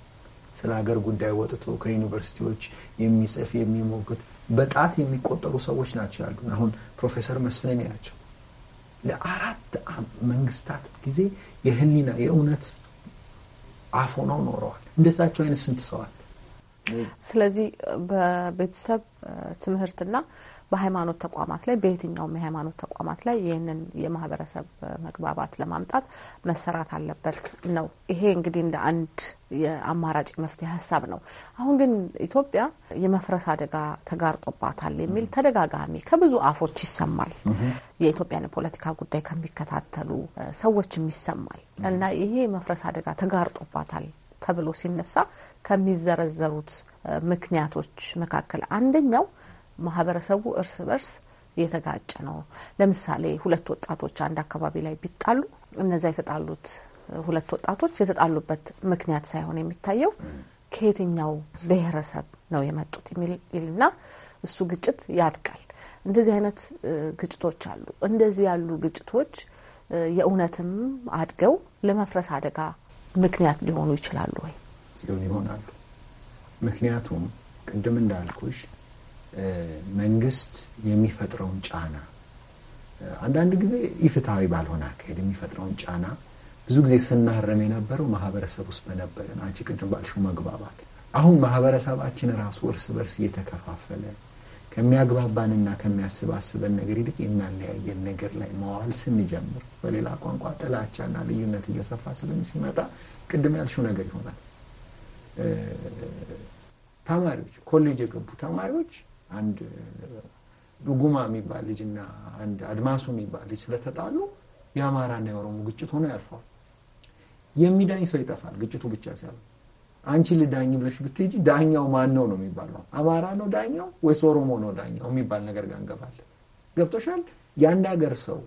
ስለ ሀገር ጉዳይ ወጥቶ ከዩኒቨርሲቲዎች የሚጽፍ የሚሞግት በጣት የሚቆጠሩ ሰዎች ናቸው ያሉ። አሁን ፕሮፌሰር መስፍንን ያቸው ለአራት መንግስታት ጊዜ የህሊና የእውነት አፍ ሆነው ኖረዋል። እንደሳቸው አይነት ስንት ሰዋል። ስለዚህ በቤተሰብ ትምህርትና በሃይማኖት ተቋማት ላይ በየትኛውም የሃይማኖት ተቋማት ላይ ይህንን የማህበረሰብ መግባባት ለማምጣት መሰራት አለበት ነው። ይሄ እንግዲህ እንደ አንድ የአማራጭ መፍትሄ ሀሳብ ነው። አሁን ግን ኢትዮጵያ የመፍረስ አደጋ ተጋርጦባታል የሚል ተደጋጋሚ ከብዙ አፎች ይሰማል። የኢትዮጵያን የፖለቲካ ጉዳይ ከሚከታተሉ ሰዎችም ይሰማል እና ይሄ የመፍረስ አደጋ ተጋርጦባታል ተብሎ ሲነሳ ከሚዘረዘሩት ምክንያቶች መካከል አንደኛው ማህበረሰቡ እርስ በርስ የተጋጨ ነው። ለምሳሌ ሁለት ወጣቶች አንድ አካባቢ ላይ ቢጣሉ እነዛ የተጣሉት ሁለት ወጣቶች የተጣሉበት ምክንያት ሳይሆን የሚታየው ከየትኛው ብሔረሰብ ነው የመጡት የሚልና እሱ ግጭት ያድጋል። እንደዚህ አይነት ግጭቶች አሉ። እንደዚህ ያሉ ግጭቶች የእውነትም አድገው ለመፍረስ አደጋ ምክንያት ሊሆኑ ይችላሉ ወይ? ጽዮን ይሆናሉ። ምክንያቱም ቅድም እንዳልኩሽ መንግስት የሚፈጥረውን ጫና አንዳንድ ጊዜ ኢፍትሐዊ ባልሆነ አካሄድ የሚፈጥረውን ጫና ብዙ ጊዜ ስናረም የነበረው ማህበረሰብ ውስጥ በነበረን አንቺ ቅድም ባልሽው መግባባት አሁን ማህበረሰባችን ራሱ እርስ በርስ እየተከፋፈለ ከሚያግባባንና ከሚያሰባስበን ነገር ይልቅ የሚያለያየን ነገር ላይ መዋል ስንጀምር፣ በሌላ ቋንቋ ጥላቻና ልዩነት እየሰፋ ስለሚ ሲመጣ ቅድም ያልሽው ነገር ይሆናል። ተማሪዎች ኮሌጅ የገቡ ተማሪዎች አንድ ዱጉማ የሚባል ልጅና አንድ አድማሱ የሚባል ልጅ ስለተጣሉ የአማራና የኦሮሞ ግጭት ሆኖ ያልፈዋል። የሚዳኝ ሰው ይጠፋል። ግጭቱ ብቻ ሲያሉ አንቺ ልዳኝ ብለሽ ብትሄጂ ዳኛው ማን ነው ነው የሚባለው? አማራ ነው ዳኛው ወይስ ኦሮሞ ነው ዳኛው የሚባል ነገር ጋር እንገባለን። ገብቶሻል? የአንድ ሀገር ሰው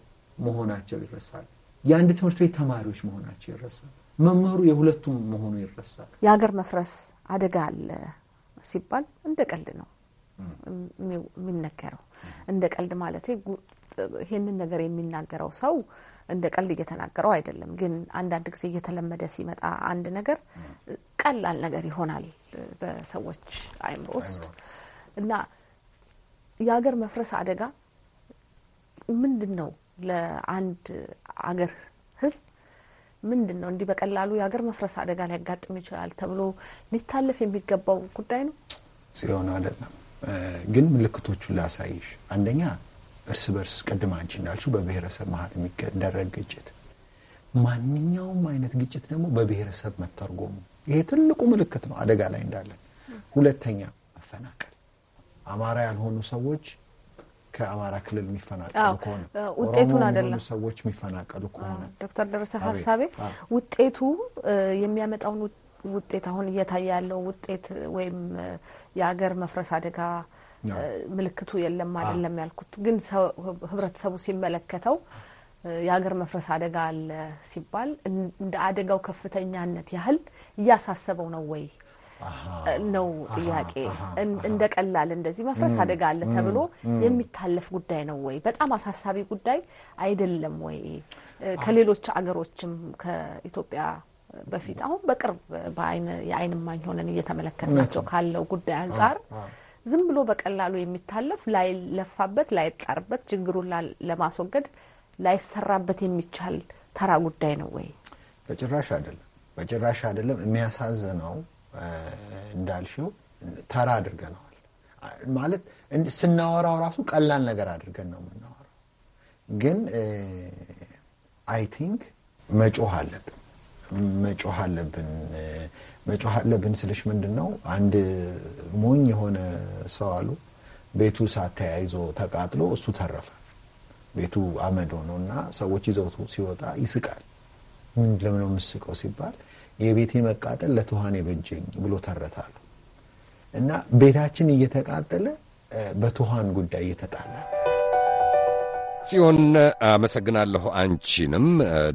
መሆናቸው ይረሳል። የአንድ ትምህርት ቤት ተማሪዎች መሆናቸው ይረሳል። መምህሩ የሁለቱም መሆኑ ይረሳል። የሀገር መፍረስ አደጋ አለ ሲባል እንደ ቀልድ ነው። የሚነገረው። እንደ ቀልድ ማለት ይሄንን ነገር የሚናገረው ሰው እንደ ቀልድ እየተናገረው አይደለም። ግን አንዳንድ ጊዜ እየተለመደ ሲመጣ አንድ ነገር ቀላል ነገር ይሆናል በሰዎች አይምሮ ውስጥ እና የሀገር መፍረስ አደጋ ምንድን ነው? ለአንድ አገር ህዝብ ምንድን ነው? እንዲህ በቀላሉ የሀገር መፍረስ አደጋ ሊያጋጥም ይችላል ተብሎ ሊታለፍ የሚገባው ጉዳይ ነው ሲሆን አይደለም ግን ምልክቶቹን ላሳይሽ። አንደኛ እርስ በርስ ቅድም አንቺ እንዳልሽው በብሔረሰብ መሀል የሚደረግ ግጭት፣ ማንኛውም አይነት ግጭት ደግሞ በብሔረሰብ መተርጎሙ ይሄ ትልቁ ምልክት ነው አደጋ ላይ እንዳለን። ሁለተኛ መፈናቀል፣ አማራ ያልሆኑ ሰዎች ከአማራ ክልል የሚፈናቀሉ ከሆነ ውጤቱን አይደለም ሰዎች የሚፈናቀሉ ከሆነ ዶክተር ደረሰ ሀሳቤ ውጤቱ የሚያመጣውን ውጤት አሁን እየታየ ያለው ውጤት ወይም የአገር መፍረስ አደጋ ምልክቱ የለም አይደለም ያልኩት፣ ግን ህብረተሰቡ ሲመለከተው የሀገር መፍረስ አደጋ አለ ሲባል እንደ አደጋው ከፍተኛነት ያህል እያሳሰበው ነው ወይ ነው ጥያቄ። እንደ ቀላል እንደዚህ መፍረስ አደጋ አለ ተብሎ የሚታለፍ ጉዳይ ነው ወይ? በጣም አሳሳቢ ጉዳይ አይደለም ወይ? ከሌሎች አገሮችም ከኢትዮጵያ በፊት አሁን በቅርብ የአይን ማኝ ሆነን እየተመለከትናቸው ካለው ጉዳይ አንጻር ዝም ብሎ በቀላሉ የሚታለፍ ላይለፋበት፣ ላይጣርበት፣ ችግሩን ለማስወገድ ላይሰራበት የሚቻል ተራ ጉዳይ ነው ወይ? በጭራሽ አይደለም፣ በጭራሽ አይደለም። የሚያሳዝነው እንዳልሽው ተራ አድርገነዋል። ማለት ስናወራው ራሱ ቀላል ነገር አድርገን ነው የምናወራው። ግን አይ ቲንክ መጮህ አለብን መጮህ አለብን። መጮህ አለብን ስልሽ ምንድን ነው አንድ ሞኝ የሆነ ሰው አሉ ቤቱ እሳት ተያይዞ ተቃጥሎ እሱ ተረፈ። ቤቱ አመድ ሆኖ እና ሰዎች ይዘውቱ ሲወጣ ይስቃል። ምን ለምን ነው የምስቀው ሲባል የቤቴ መቃጠል ለትኋኔ በጀኝ ብሎ ተረታሉ። እና ቤታችን እየተቃጠለ በትኋን ጉዳይ እየተጣላ ጽዮን አመሰግናለሁ። አንቺንም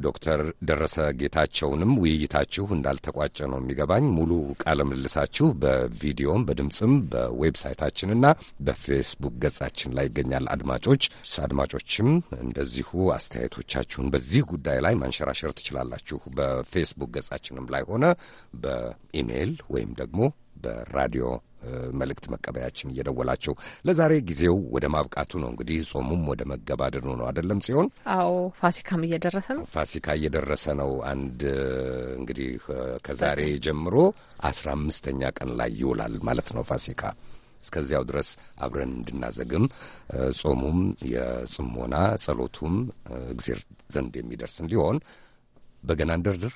ዶክተር ደረሰ ጌታቸውንም ውይይታችሁ እንዳልተቋጨ ነው የሚገባኝ። ሙሉ ቃለ ምልልሳችሁ በቪዲዮም በድምፅም በዌብሳይታችንና በፌስቡክ ገጻችን ላይ ይገኛል። አድማጮች አድማጮችም እንደዚሁ አስተያየቶቻችሁን በዚህ ጉዳይ ላይ ማንሸራሸር ትችላላችሁ። በፌስቡክ ገጻችንም ላይ ሆነ በኢሜይል ወይም ደግሞ በራዲዮ መልእክት መቀበያችን እየደወላችሁ ለዛሬ ጊዜው ወደ ማብቃቱ ነው። እንግዲህ ጾሙም ወደ መገባደድ ነው አይደለም? ሲሆን አዎ፣ ፋሲካም እየደረሰ ነው። ፋሲካ እየደረሰ ነው። አንድ እንግዲህ ከዛሬ ጀምሮ አስራ አምስተኛ ቀን ላይ ይውላል ማለት ነው ፋሲካ። እስከዚያው ድረስ አብረን እንድናዘግም ጾሙም የጽሞና ጸሎቱም እግዜር ዘንድ የሚደርስ እንዲሆን በገና እንደርድር።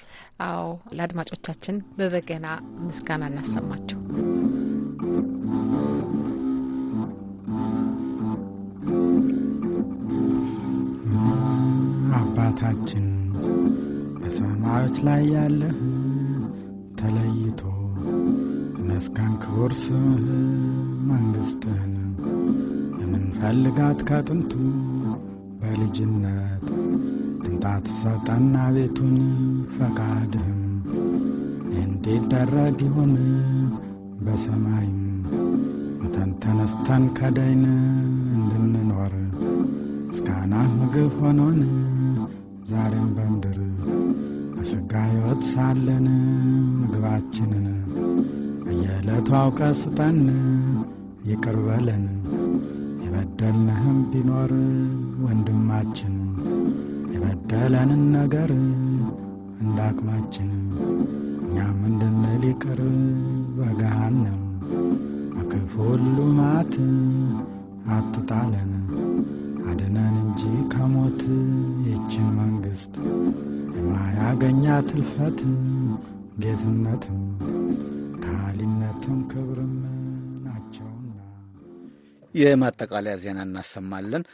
አዎ ለአድማጮቻችን በበገና ምስጋና እናሰማቸው። አባታችን በሰማዮች ላይ ያለህ ተለይቶ መስጋን ክቡር ስምህ መንግሥትህን የምንፈልጋት ከጥንቱ በልጅነት መምጣት ሳጣና ቤቱን ፈቃድ እንዴት ደረግ ይሆን በሰማይም ሞተን ተነስተን ከዳይን እንድንኖር ምስጋና ምግብ ሆኖን ዛሬም በምድር በስጋ ሕይወት ሳለን ምግባችንን በየዕለቱ አውቀ ስጠን ይቅር በለን የበደልንህም ቢኖር ወንድማችን ገለንን ነገር እንዳቅማችን አቅማችን እኛም እንድንል በገሃነም አክፍ ሁሉ ማት አትጣለን አድነን እንጂ ከሞት ይችን መንግሥት የማያገኛት እልፈት ጌትነትም ካህሊነትም ክብርም ናቸውና የማጠቃለያ ዜና እናሰማለን።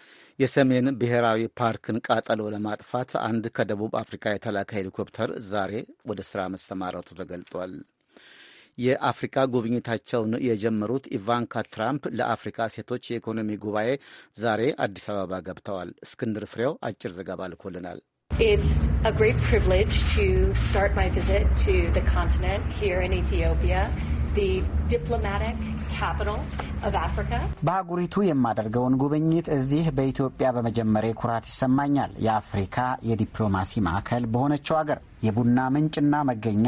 የሰሜን ብሔራዊ ፓርክን ቃጠሎ ለማጥፋት አንድ ከደቡብ አፍሪካ የተላከ ሄሊኮፕተር ዛሬ ወደ ሥራ መሰማራቱ ተገልጧል። የአፍሪካ ጉብኝታቸውን የጀመሩት ኢቫንካ ትራምፕ ለአፍሪካ ሴቶች የኢኮኖሚ ጉባኤ ዛሬ አዲስ አበባ ገብተዋል። እስክንድር ፍሬው አጭር ዘገባ ልኮልናል። ኢትስ በአህጉሪቱ የማደርገውን ጉብኝት እዚህ በኢትዮጵያ በመጀመሪያ ኩራት ይሰማኛል። የአፍሪካ የዲፕሎማሲ ማዕከል በሆነችው አገር የቡና ምንጭና መገኛ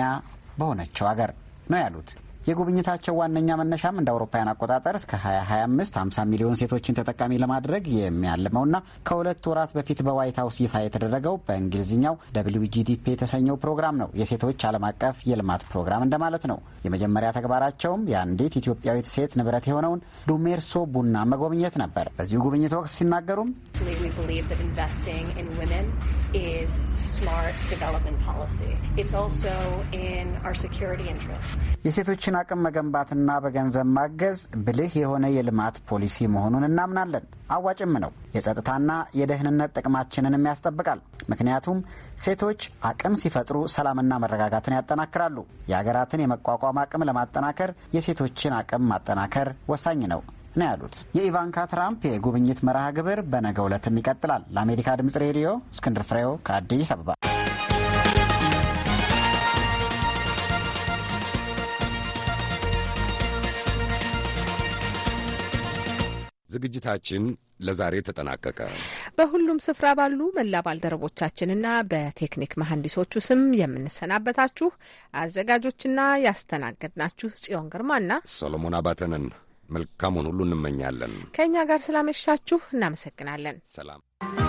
በሆነችው አገር ነው ያሉት የጉብኝታቸው ዋነኛ መነሻም እንደ አውሮፓውያን አቆጣጠር እስከ 2025 50 ሚሊዮን ሴቶችን ተጠቃሚ ለማድረግ የሚያልመውና ከሁለት ወራት በፊት በዋይት ሀውስ ይፋ የተደረገው በእንግሊዝኛው ጂዲፒ የተሰኘው ፕሮግራም ነው። የሴቶች ዓለም አቀፍ የልማት ፕሮግራም እንደማለት ነው። የመጀመሪያ ተግባራቸውም የአንዲት ኢትዮጵያዊት ሴት ንብረት የሆነውን ዱሜርሶ ቡና መጎብኘት ነበር። በዚሁ ጉብኝት ወቅት ሲናገሩም የሴቶችን የሴቶችን አቅም መገንባትና በገንዘብ ማገዝ ብልህ የሆነ የልማት ፖሊሲ መሆኑን እናምናለን። አዋጭም ነው። የጸጥታና የደህንነት ጥቅማችንንም ያስጠብቃል። ምክንያቱም ሴቶች አቅም ሲፈጥሩ ሰላምና መረጋጋትን ያጠናክራሉ። የሀገራትን የመቋቋም አቅም ለማጠናከር የሴቶችን አቅም ማጠናከር ወሳኝ ነው ነው ያሉት። የኢቫንካ ትራምፕ የጉብኝት መርሃ ግብር በነገው ዕለትም ይቀጥላል። ለአሜሪካ ድምጽ ሬዲዮ እስክንድር ፍሬው ከአዲስ አበባ ዝግጅታችን ለዛሬ ተጠናቀቀ። በሁሉም ስፍራ ባሉ መላ ባልደረቦቻችንና በቴክኒክ መሐንዲሶቹ ስም የምንሰናበታችሁ አዘጋጆችና ያስተናገድናችሁ ጽዮን ግርማና ሶሎሞን አባተንን መልካሙን ሁሉ እንመኛለን። ከእኛ ጋር ስላመሻችሁ እናመሰግናለን። ሰላም